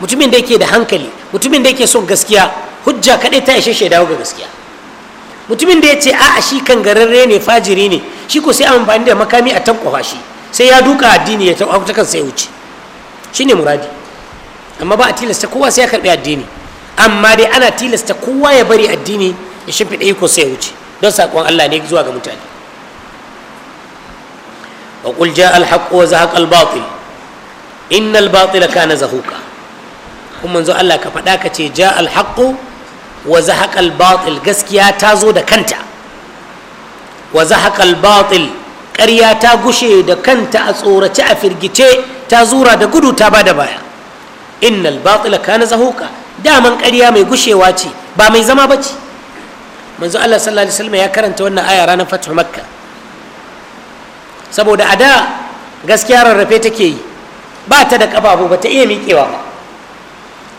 mutumin da yake da hankali mutumin da yake son gaskiya hujja kaɗai ta ishe shaidawa ga gaskiya mutumin da ya ce a'a shi kan gararre ne fajiri ne shi ko sai amfani da makami a tankwafa shi sai ya duka addini ya ta kan sai wuce shine muradi amma ba a tilasta kowa sai ya karbi addini amma dai ana tilasta kowa ya bari addini ya shimfiɗa iko sai ya wuce don saƙon Allah ne zuwa ga mutane wa qul jaa al-haqq wa zahaqa al-batil innal kana zahuqa kuma manzo Allah ka faɗa ka ce ja al-haqq wa zahaqa al-batil gaskiya ta zo da kanta wa zahaqa al-batil ƙarya ta gushe da kanta a tsorace a firgice ta zura da gudu ta ba da baya innal batila kana zahuka daman ƙarya mai gushewa ce ba mai zama ba ce manzo Allah sallallahu alaihi wasallam ya karanta wannan aya ranar fatu makka saboda a da gaskiya rarrafe take yi ba ta da kafafu ba ta iya miƙewa ba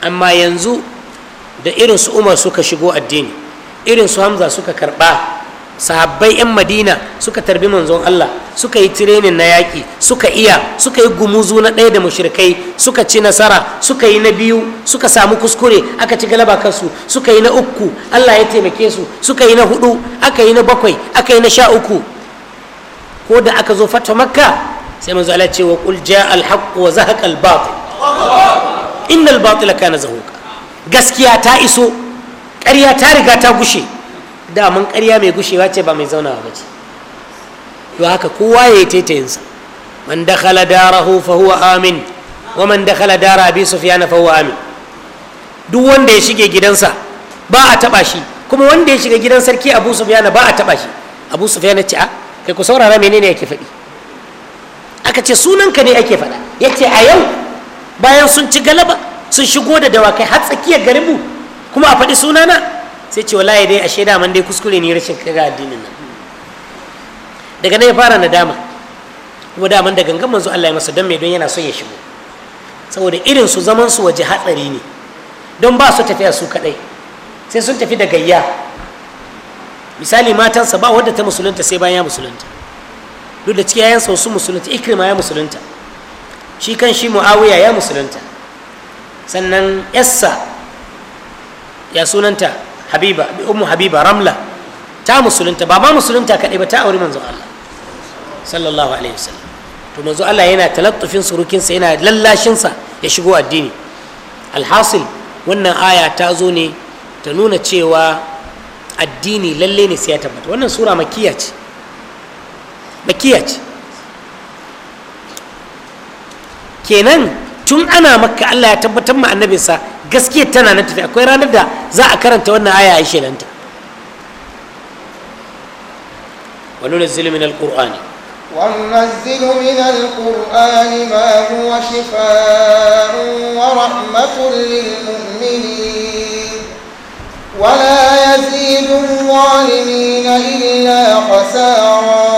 amma yanzu da irin su umar suka shigo addini irin su hamza suka karɓa sahabbai 'yan madina suka tarbi manzon Allah suka yi tirenin na yaƙi suka iya suka yi gumuzu na ɗaya da mushrikai suka ci nasara suka yi na biyu suka samu kuskure aka ci galaba kansu suka yi na uku Allah ya taimake su suka yi na hudu aka yi na bakwai aka yi na sha uku ko da aka zo fata makka sai manzo Allah ce wa qul jaa al haqq wa zahaqa al batil innal batila kana gaskiya ta iso ƙarya ta riga ta gushe daman ƙarya mai gushewa ce ba mai zauna ba ce to haka kowa ya yi taitayinsa man dakhala darahu fa huwa amin wa man dakhala dara abi sufyan fa huwa amin duk wanda ya shige gidansa ba a taba shi kuma wanda ya shiga gidan sarki abu sufyan ba a taba shi abu sufyan ce a kai ku saurara menene yake faɗi aka ce sunanka ne ake faɗa yace a yau bayan sun ci galaba sun shigo da dawakai har tsakiyar garinmu kuma a faɗi sunana sai ce wallahi dai ashe da man dai kuskure ne rashin kaga addinin nan daga nan ya fara nadama kuma daman da gangan manzo Allah ya masa don mai don yana son ya shigo saboda irin su zaman su waje hatsari ne don ba su tafiya su kadai sai sun tafi da gayya misali matansa ba wadda ta musulunta sai bayan ya musulunta duk da cikin yayansa su musulunta ikrima ya musulunta shi kan shi muawiya ya musulunta sannan yassa ya sunanta habiba ummu habiba ramla ta musulunta ba ba musulunta kaɗai ba ta auri manzon Allah sallallahu alaihi wasallam to manzo Allah yana talattufin surukinsa yana lallashinsa ya shigo addini alhasil wannan aya ta zo ne ta nuna cewa addini lalle ne sai ya tabbata wannan sura makiya ce ce kenan tun ana makka Allah ya tabbatar ma annabinsa gaskiyar tana nan tafi akwai ranar da za a karanta wannan aya a shelanta وننزل min alquran وننزل من القرآن ما هو شفاء ورحمة للمؤمنين ولا يزيد الظالمين إلا خسارا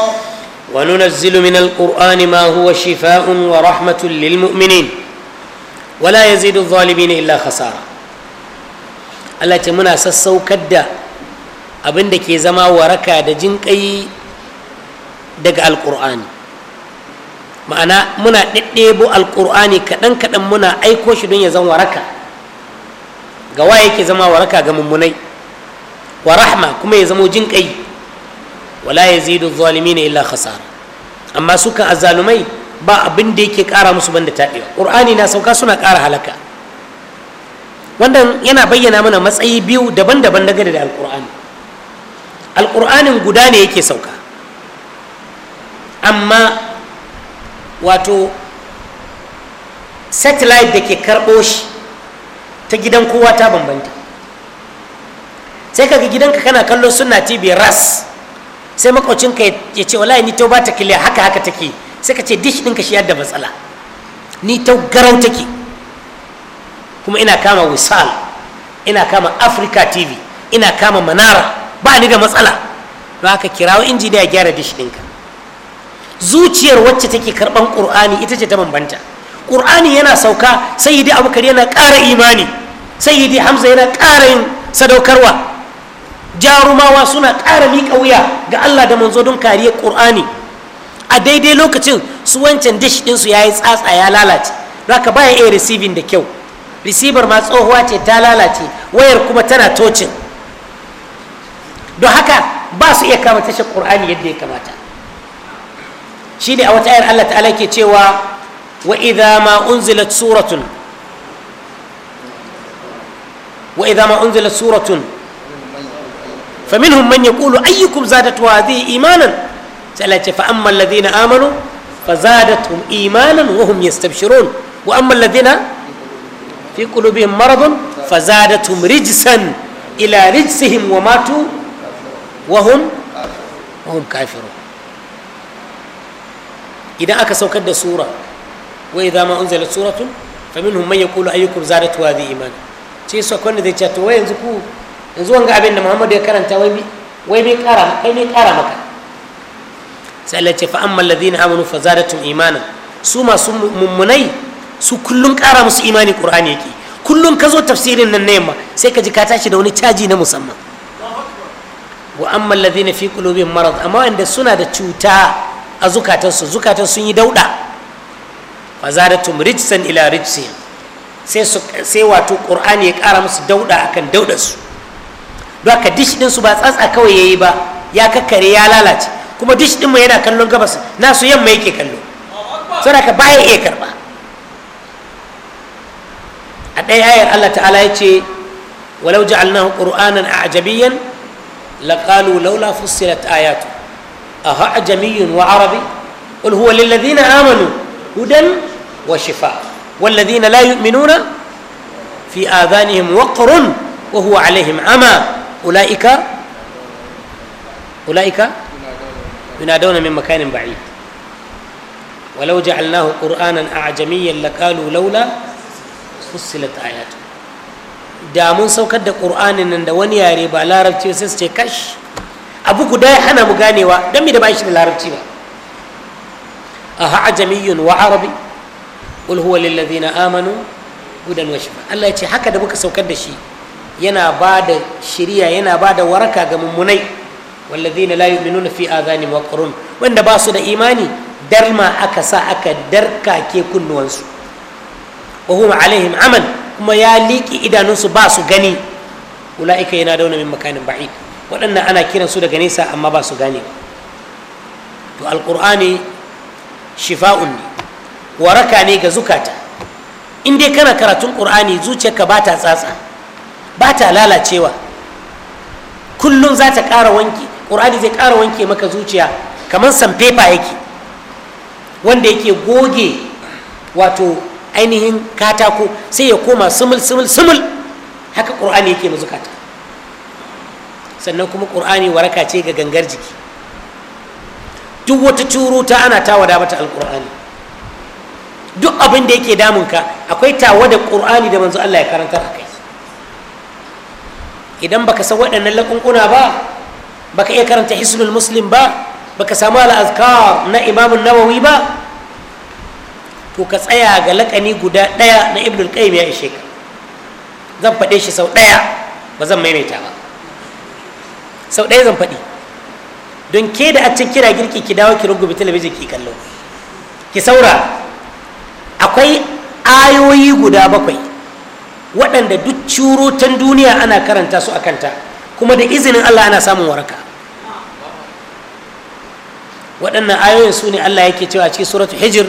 وننزل من القرآن ما هو شفاء ورحمة للمؤمنين wala ya yazidu zalimin illa khasara Allah ce muna sassaukar da abin da ke zama waraka da jinƙai daga alƙur'ani ma'ana muna ɗaɗɗebo alƙur'ani kaɗan kaɗan muna aiko shi don ya zama waraka ga waye yake zama waraka ga mummunai wa rahma kuma ya zama jinƙai wala ya yazidu zalimin illa khasara amma sukan azzalumai ba abin da yake kara musu banda taɓewa ƙur'ani na sauka suna ƙara halaka wannan yana bayyana mana matsayi biyu daban-daban na gada da alƙur'ani alƙur'anin guda ne yake sauka amma wato satellite da ke karɓo shi ta gidan kowa ta bambanta sai kaga gidanka kana kallo suna tv ras sai makwacinka ya ce wallahi ni to ba ta kiliya haka haka take sai ka ce dish ɗinka shi yadda matsala ni ta garau take kuma ina kama wisal ina kama africa tv ina kama manara ba ni da matsala don haka kirawo injiniya gyara dish ɗinka zuciyar wacce take karɓan ƙur'ani ita ce ta bambanta ƙur'ani yana sauka sayyidi abubakar yana ƙara imani sayyidi hamza yana ƙara yin sadaukarwa jarumawa suna ƙara miƙa wuya ga allah da manzo don kariyar ƙur'ani a daidai lokacin su wancan dish ɗinsu ya yi tsatsa ya lalace ka baya iya receiving da kyau receiver ma tsohuwa ce ta lalace wayar kuma tana tocin don haka ba su iya kama tashar ƙur'ani yadda ya kamata shi ne a wata ayar Allah ta'ala ke cewa wa idha ma unzilat suratun wa idha ma unzilat suratun faminhum man yaqulu ayyukum wa hadhihi imanan sai ce fa amma alladhina amanu fa zadatuhum imanan wa hum yastabshirun wa amma alladhina fi qulubihim maradun fa zadatuhum rijsan ila rijsihim wa matu wa hum wa hum kafirun idan aka saukar da sura wa idza ma unzilat suratun faminhum man yaqulu ayyukum zadatu hadhihi iman ce akwai zai ce to wai yanzu ku yanzu wanga abin da Muhammadu ya karanta wai bi wai maka sai Allah ce fa amma alladhina amanu fa zadatum imanan su masu mummunai su kullun ƙara musu imani qur'ani yake kullun ka zo tafsirin nan na yamma sai ka ji ka tashi da wani caji na musamman wa amma alladhina fi qulubihim marad amma wanda suna da cuta a zukatansu zukatan sun yi dauda fa zadatum rijsan ila rijsihim sai su sai wato qur'ani ya ƙara musu dauda akan daudar su don haka din su ba tsatsa kawai yayi ba ya kakkare ya lalace kuma dish din mu yana kallon gabas nasu yamma yake kallo saboda ka baya iya karba a dai ayar Allah ta'ala yace walau ja'alnahu qur'anan a'jabiyyan laqalu laula fussilat ayatu aha ajamiyun wa arabi qul huwa lil ladina amanu hudan wa shifa wal ladina la yu'minuna fi adanihim waqrun wa huwa alaihim ama ulaika ulaika ينادون من مكان بعيد ولو جعلناه قرآنا أعجميا لقالوا لولا فصلت آياته da mun saukar da ƙur'anin nan da wani yare ba larabci sai su ce kash abu guda ya hana mu ganewa don mi da ba shi da larabci ba aha ajamiyyun wa arabi qul huwa lil ladina amanu hudan wa shifa Allah ya ce haka da muka saukar da shi yana ba da shiriya yana ba da waraka ga mummunai wallazina la yu'minuna fi adhani waqrun wanda ba su da imani darma aka sa aka darkake kunnuwansu wa hum alaihim aman kuma ya liƙi idanunsu ba su gani ula'ika yana dauna min makanin ba'id waɗannan ana kiransu daga nesa amma ba su gane to alƙur'ani shifa'un ne waraka ne ga zukata in dai kana karatun ƙur'ani zuciyarka ba ta tsatsa ba ta lalacewa kullum za ta ƙara wanki ƙur'ani zai ƙara wanke maka zuciya kamar sanfefa yake wanda yake goge wato ainihin katako sai ya koma sumul sumul sumul haka ƙur'ani yake mazukata sannan kuma ƙur'ani waraka ce ga gangar jiki duk wata curuta ana tawada mata alƙur'ani duk abin da yake ka akwai tawa da ƙur'ani da manzo Allah ya karanta a kai idan baka san waɗannan lakunkuna ba baka iya karanta hisnul muslim ba baka samu al'azkar na imamun nawawi ba to ka tsaya ga lakani guda ɗaya na ibnul qayyim ya ishe ka zan faɗe shi sau ɗaya ba zan maimaita ba sau ɗaya zan faɗi don ke da a cikin kira girki ki dawo ki rubuta talabijin ki kallo ki saura akwai ayoyi guda bakwai waɗanda duk curutan duniya ana karanta su a kanta kuma da izinin Allah ana samun waraka waɗannan ayoyin su ne Allah yake cewa cikin suratu hijir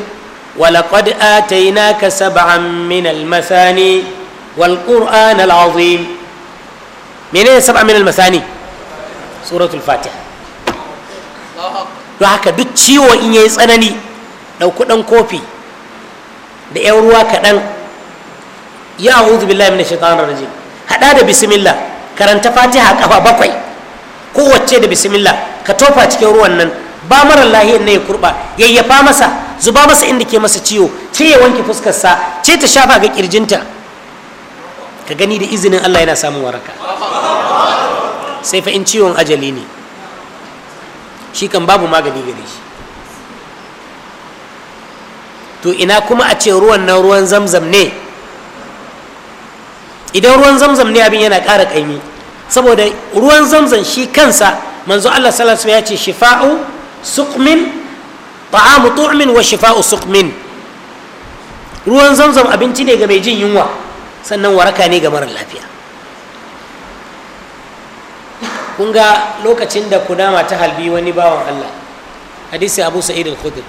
ولقد آتيناك wal من المثاني والقرآن العظيم من أين سبعا من المثاني سورة الفاتحة don haka duk ciwo in yayi tsanani ɗauki ɗan kofi da 'yan ruwa kaɗan ya a'udhu billahi minash shaitanir rajim haɗa da bismillah karanta fatiha kafa bakwai kowace da bismillah ka tofa cikin ruwan nan ba mara lahiyar na ya kurba yayyafa masa zuba masa inda ke masa ciwo ce ya wanke fuskarsa ce ta shafa ga kirjinta ka gani da izinin allah yana samun waraka sai fa in ciwon ajali ne shi kan babu magani gare shi to ina kuma a ce ruwan nan ruwan zamzam ne idan ruwan zamzam ne abin yana ƙara ƙaimi saboda ruwan zanzan shi kansa manzo Allah sallallahu alaihi ya ce shifa'u suqmin ta'amu tu'min wa shifa'u suqmin ruwan zamzam abinci ne ga mai jin yunwa sannan waraka ne ga mara lafiya kun ga lokacin da kunama ta halbi wani bawan Allah hadisi Abu Sa'id al-Khudri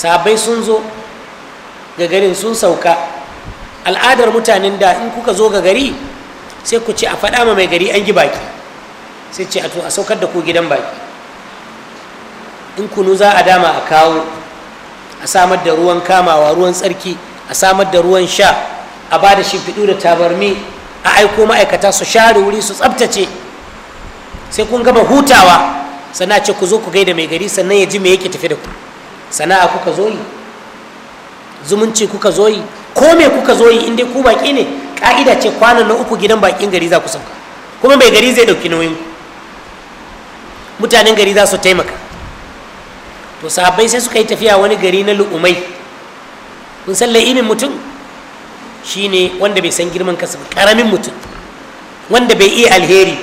sahabbai sun zo ga garin sun sauka al'adar mutanen da in kuka zo ga gari sai ku ce a faɗa ma mai gari an gi baki sai ce a to a saukar da ku gidan baki in kunu za a dama a kawo a samar da ruwan kamawa ruwan tsarki a samar da ruwan sha a ba da shimfiɗu da tabarmi a aiko ma'aikata su share wuri su tsabtace sai kun gama hutawa sana ce ku zo ku gaida mai gari sannan ya ji me yake tafi da ku sana'a kuka zo yi zumunci kuka zo yi ko me kuka zo yi in dai ku baki ne ka'ida ce kwanan na uku gidan bakin gari za ku sauka kuma mai gari zai ɗauki nauyin mutanen gari za su taimaka to sahabbai sai suka yi tafiya wani gari na lu'umai kun san la'imin mutum shine wanda bai san girman kasa ba karamin mutum wanda bai iya alheri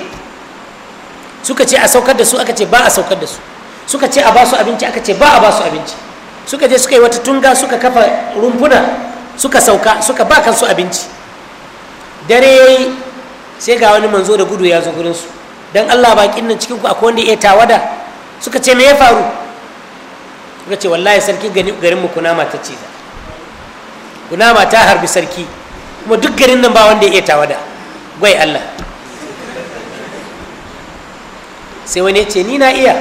suka ce a saukar da su aka ce ba a saukar da su suka ce a ba su abinci aka ce ba a ba su abinci suka je suka yi wata tunga suka kafa rumfuna suka sauka suka ba kansu abinci dare yi sai ga wani manzo da gudu ya zo gurinsu su dan Allah bakin nan cikin ku akwai wanda ya tawada suka ce me ya faru suka ce wallahi sarki garinmu kunama ta ciza kunama ta harbi sarki kuma duk garin nan ba wanda ya tawada gwai Allah sai wani ya ce ni na iya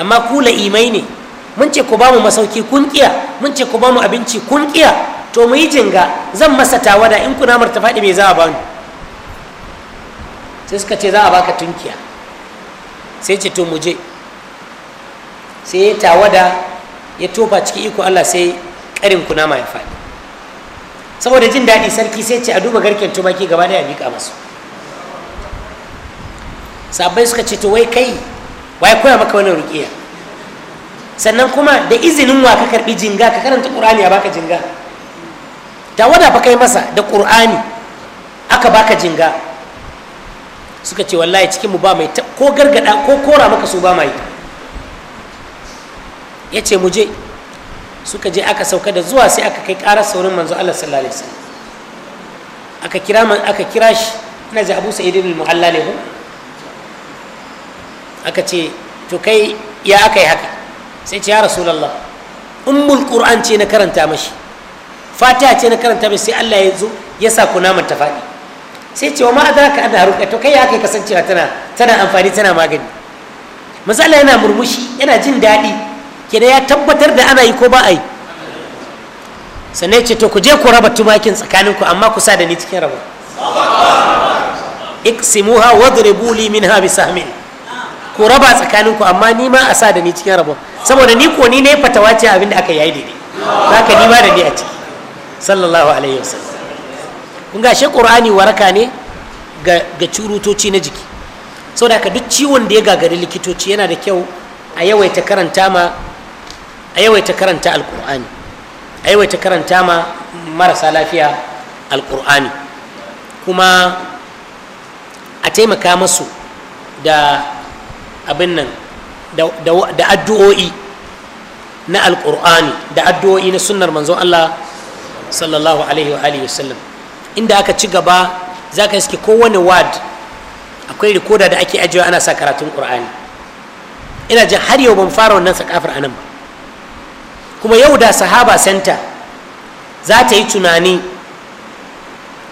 amma kula imai ne mun ce ku ba mu masauki kun kiya mun ce ku ba mu abinci kun kiya to mu yi jinga zan masa tawada in kunamar ta faɗi me za a bani sai suka ce za a baka tunkiya sai ce to mu je sai ya tawada ya tofa cikin iko Allah sai karin kunama ya faɗi saboda jin daɗi sarki sai ce a duba garken tumaki gaba da ya miƙa masu sabai suka ce to wai kai wai koya maka wani ruƙiya sannan kuma da izinin wa ka karɓi jinga ka karanta ƙur'ani a baka jinga tawada fa kai masa da qur'ani aka baka jinga suka ce wallahi cikin mu ba mai ko gargada ko kora maka su ba mai ya ce mu je suka je aka sauka da zuwa sai aka kai ƙarar saurin manzo Allah sallallahu alaihi wasallam aka kira man aka kira shi ina ji Abu Sa'id ibn Muhalla ne ko aka ce to kai ya aka yi haka sai ce ya Rasulullah ummul Qur'an ce na karanta mashi fatiha ce na karanta mai sai Allah ya zo ya sa ku kunamar ta faɗi sai ce wa ma ka anna haruka to kai ya kai kasancewa tana tana amfani tana magani matsala yana murmushi yana jin daɗi kenan ya tabbatar da ana yi ko ba a yi sannan ya ce to ku je ku raba tumakin tsakaninku amma ku sa da ni cikin raba iqsimuha wadribu li minha bisahmin ku raba tsakaninku amma ni ma a sa da ni cikin rabon saboda ni ko ni ne fatawa ce abin da aka yayi daidai haka ni ma da ni a ciki sallallahu alaihi wasallam kun gashe qur'ani waraka ne ga ga curutoci na jiki saboda haka duk ciwon da ya gagari likitoci yana da kyau a yawaita karanta ma a yawaita karanta alqur'ani a yawaita karanta ma marasa lafiya alqur'ani kuma a taimaka masu da abin nan da addu'o'i na alƙur'ani da addu'o'i na sunnar manzon Allah sallallahu alaihi wa alihi wasallam inda aka ci gaba za ka iske kowane ward akwai rikoda da ake ajiyewa ana sa karatun kur'ani ina jin har yau ban fara wannan sakafar anan ba kuma yau da sahaba center za ta yi tunani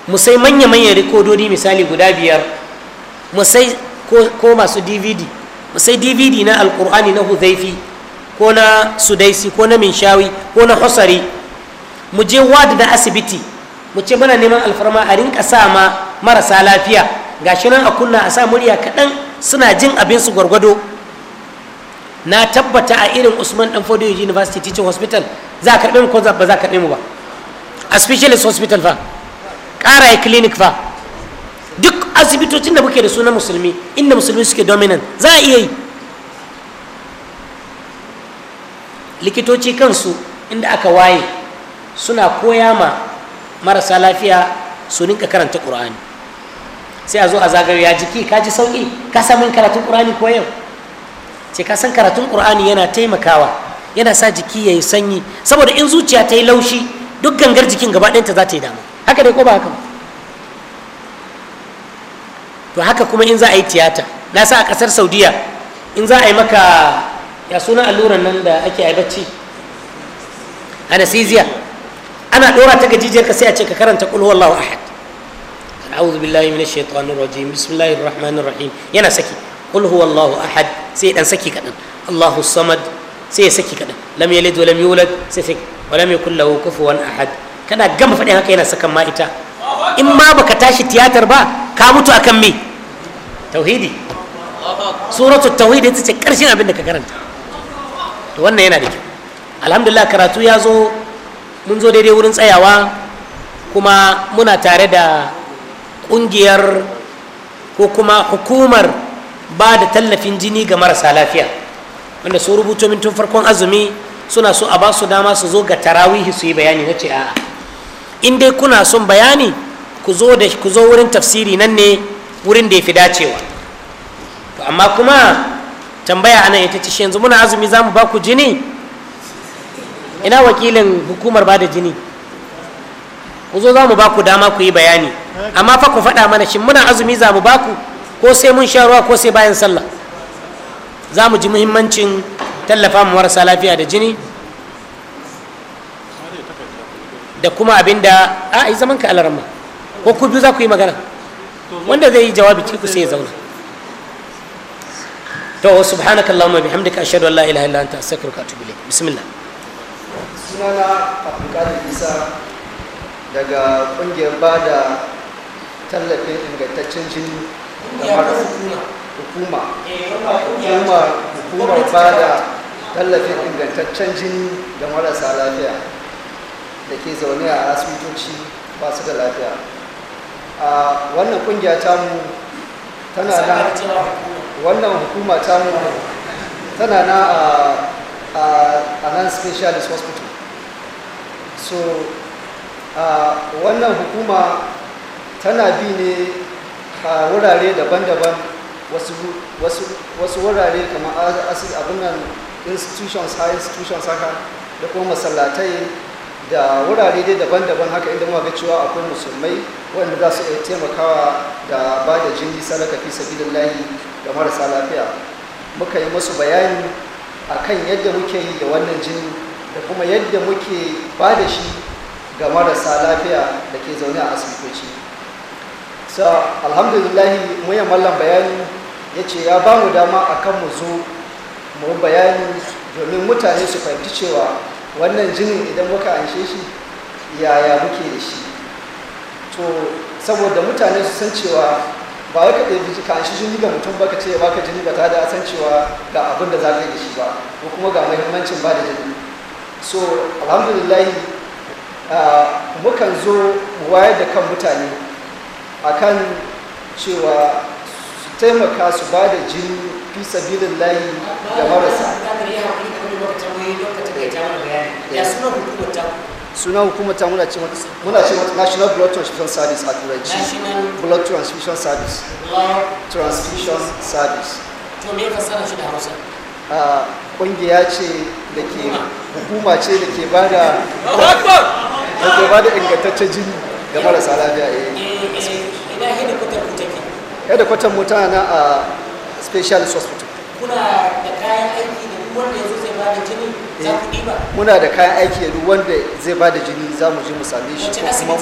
mu sai manya-manyan rikododi misali guda biyar mu sai ko masu dvd mu sai dvd na alkur'ani na huzaifi ko na sudaisi ko na minshawi ko na husari mu je wadi na asibiti mu ce mana neman alfarma a rinka sa ma marasa lafiya ga shi nan a kunna a sa murya kaɗan suna jin abin su gwargwado na tabbata a irin usman dan fodo university teaching hospital za a karɓe mu ko ba za a karɓe mu ba a specialist hospital fa ƙara clinic fa duk asibitocin da muke da su na musulmi inda musulmi suke dominant za a iya yi likitoci kansu inda aka waye suna koya ma marasa lafiya su ninka karanta ƙur'ani sai a zo a zagayo ya jiki ka ji sauƙi ka sami karatun ƙur'ani ko yau ce ka san karatun ƙur'ani yana taimakawa yana sa jiki ya yi sanyi saboda in zuciya ta yi laushi duk gangar jikin gaba ɗayanta za ta yi dama haka dai ko ba haka to haka kuma in za a yi tiyata na sa a ƙasar saudiya in za a yi maka ya suna alluran nan da ake a bacci anesthesia ana dora ta gajijiyar ka sai a ce ka karanta qul huwallahu ahad a'udhu billahi minash shaitanir rajim bismillahir rahmanir rahim yana saki qul huwallahu ahad sai dan saki kadan Allahu samad sai ya saki kadan lam yalid wa lam yulad sai saki wa lam yakul lahu kufuwan ahad kana gama faɗin haka yana sakan ma ita in ma baka tashi tiyatar ba ka mutu akan me tauhidi suratul tauhid ita ce karshen abin da ka karanta to wannan yana da kyau alhamdulillah karatu ya zo mun zo daidai wurin tsayawa kuma muna tare da kungiyar ko kuma hukumar ba da tallafin jini ga marasa lafiya wanda su rubuto min tun farkon azumi suna so a ba su dama su zo ga tarawihi su yi bayani na ce a'a in dai kuna son bayani ku zo da ku zo wurin tafsiri nan ne wurin da ya fi dacewa to amma kuma tambaya anan ita ce yanzu muna azumi za mu ba ku jini ina wakilin hukumar ba da jini ku zo za mu baku dama ku yi bayani amma fa ku faɗa mana shin muna azumi za mu baku ko sai mun sha ruwa ko sai bayan sallah za mu ji muhimmancin tallafa mu marasa lafiya da jini da kuma abin da a yi zaman ka alarma ko ku biyu za ku yi magana wanda zai yi jawabi ku sai ya zauna to subhanakallahumma bihamdika ashhadu an la ilaha illa anta astaghfiruka wa atubu ilayk bismillah sunana abdulkadir isa daga kungiyar ba da tallafin ingantaccen jini da mara eh, hukuma hukumar ba da tallafin ingantaccen jini da marasa lafiya da ke zaune a asibitoci ba su da lafiya a wannan kungiya tamu tana na wannan hukuma tamu tana na a nan specialist hospital so wannan hukuma tana bi ne a wurare daban-daban wasu wurare kamar abin nan institutions high institutions haka da kuma masallatai da wurare dai daban-daban haka inda muka ga cewa akwai musulmai wanda za su iya taimakawa da ba da jini sadaka fi layi da marasa lafiya muka yi musu bayani akan yadda muke yi da wannan jini da kuma yadda muke ba da shi ga marasa lafiya da ke zaune a asibitoci so alhamdulillahi muyan mallam bayani ya ce ya ba mu dama a kan mu zo mu bayani domin mutane su fahimci cewa wannan jinin idan muka anshe shi yaya muke da shi to saboda mutane su san cewa ba wai ka ɗebi ka shi jini ga mutum ba ka ce ba ka jini ba ta da san cewa ga abin da za ka yi da shi ba ko kuma ga mahimmancin ba da jini so alhamdulillahi uh, mukan zo wayar da kan mutane akan cewa su taimaka su ba da jini fi sabilin layi da marasa suna hukumar ta muna ce mata national blood transfusion service a turanci blood transfusion service transfusion service to me fasara shi da hausa kungiya uh, ce da ke hukuma ce da ke ba da ingantaccen jini ga marasa lafiya eh. Eh, eh, ina hedikwatar ku take hedikwatar mu a special hospital da kayan aiki da da muna da kayan aiki da duk wanda zai ba da jini za mu ji mu same shi ko kuma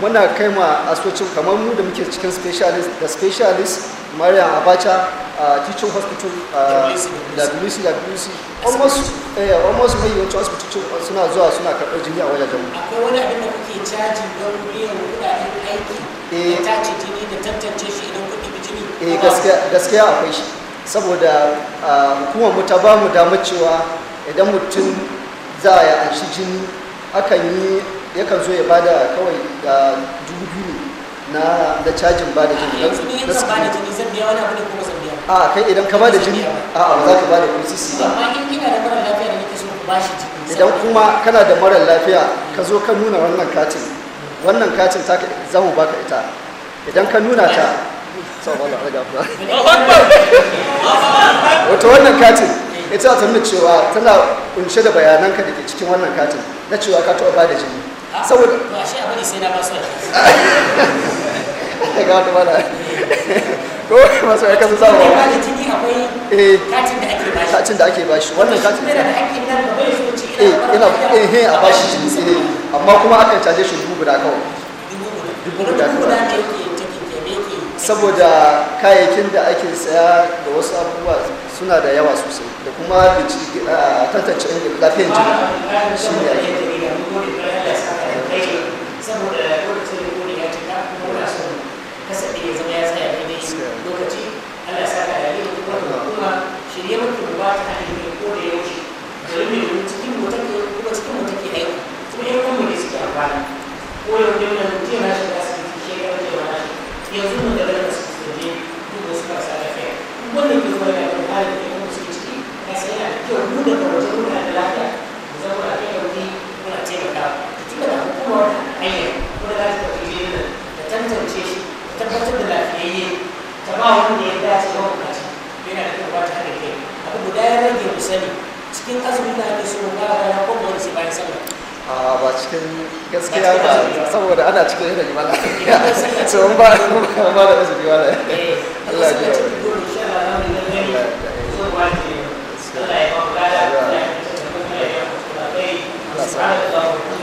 muna kai ma asocin kamar mu da muke cikin specialist da specialist Maryam Abacha uh, teaching hospital uh, WC WC almost eh almost mai yawanci suna zuwa suna karɓar jini a wajajen akwai wani abin da kuke caji don biyan kuɗaɗen aiki eh. a tace jini da tantance shi idan kuɗi jini eh gaskiya gaskiya akwai shi saboda uh, hukumar mu ta ba damar cewa idan mutum za a anshi jini akan yakan zo ya bada kawai uh, dubu biyu na da cajin ba da jini ba da biya wani abu ne kuma zan biya a kai idan ka ba da jini a ba za ka ba da su ba amma in kina da mara lafiya da nake so ku jini idan kuma kana da mara lafiya ka zo ka nuna wannan katin wannan katin ta za mu baka ita idan ka nuna ta wata wato wannan katin ita ta nuna cewa tana kunshe da ka da ke cikin wannan katin na cewa ka taɓa ba da jini ah, saboda ba shi sai na ba su *laughs* ta ga wata mala ko masu ya kasu zawo ba da jini akwai katin da ake bashi katin da ake bashi wannan katin da ake nan da bai so ci ina eh a bashi jini sai amma kuma akan caje shi dubu guda kawai dubu guda dubu guda saboda kayayyakin da ake saya da wasu abubuwa suna da yawa sosai da kuma tantance lafiyan jini shi ne ake ba ko da yaushe domin yanzu cikin mu take kuma cikin mu take ko yau da yau mutum yana shiga asibiti shi ya rage wa nashi da kyau mu a kai wuri muna taimaka tunda da wata ta nan ta tantance shi ta tabbatar da lafiyayye ta ba da ya dace wa bukaci yana da kyau ba ta haɗa kai guda ya rage mu sani cikin ba ya ko mu sai bayan sallah a ba cikin gaskiya ba saboda ana cikin yanayi mala *laughs* so in ba ba da eh, Allah ya ji Allah ya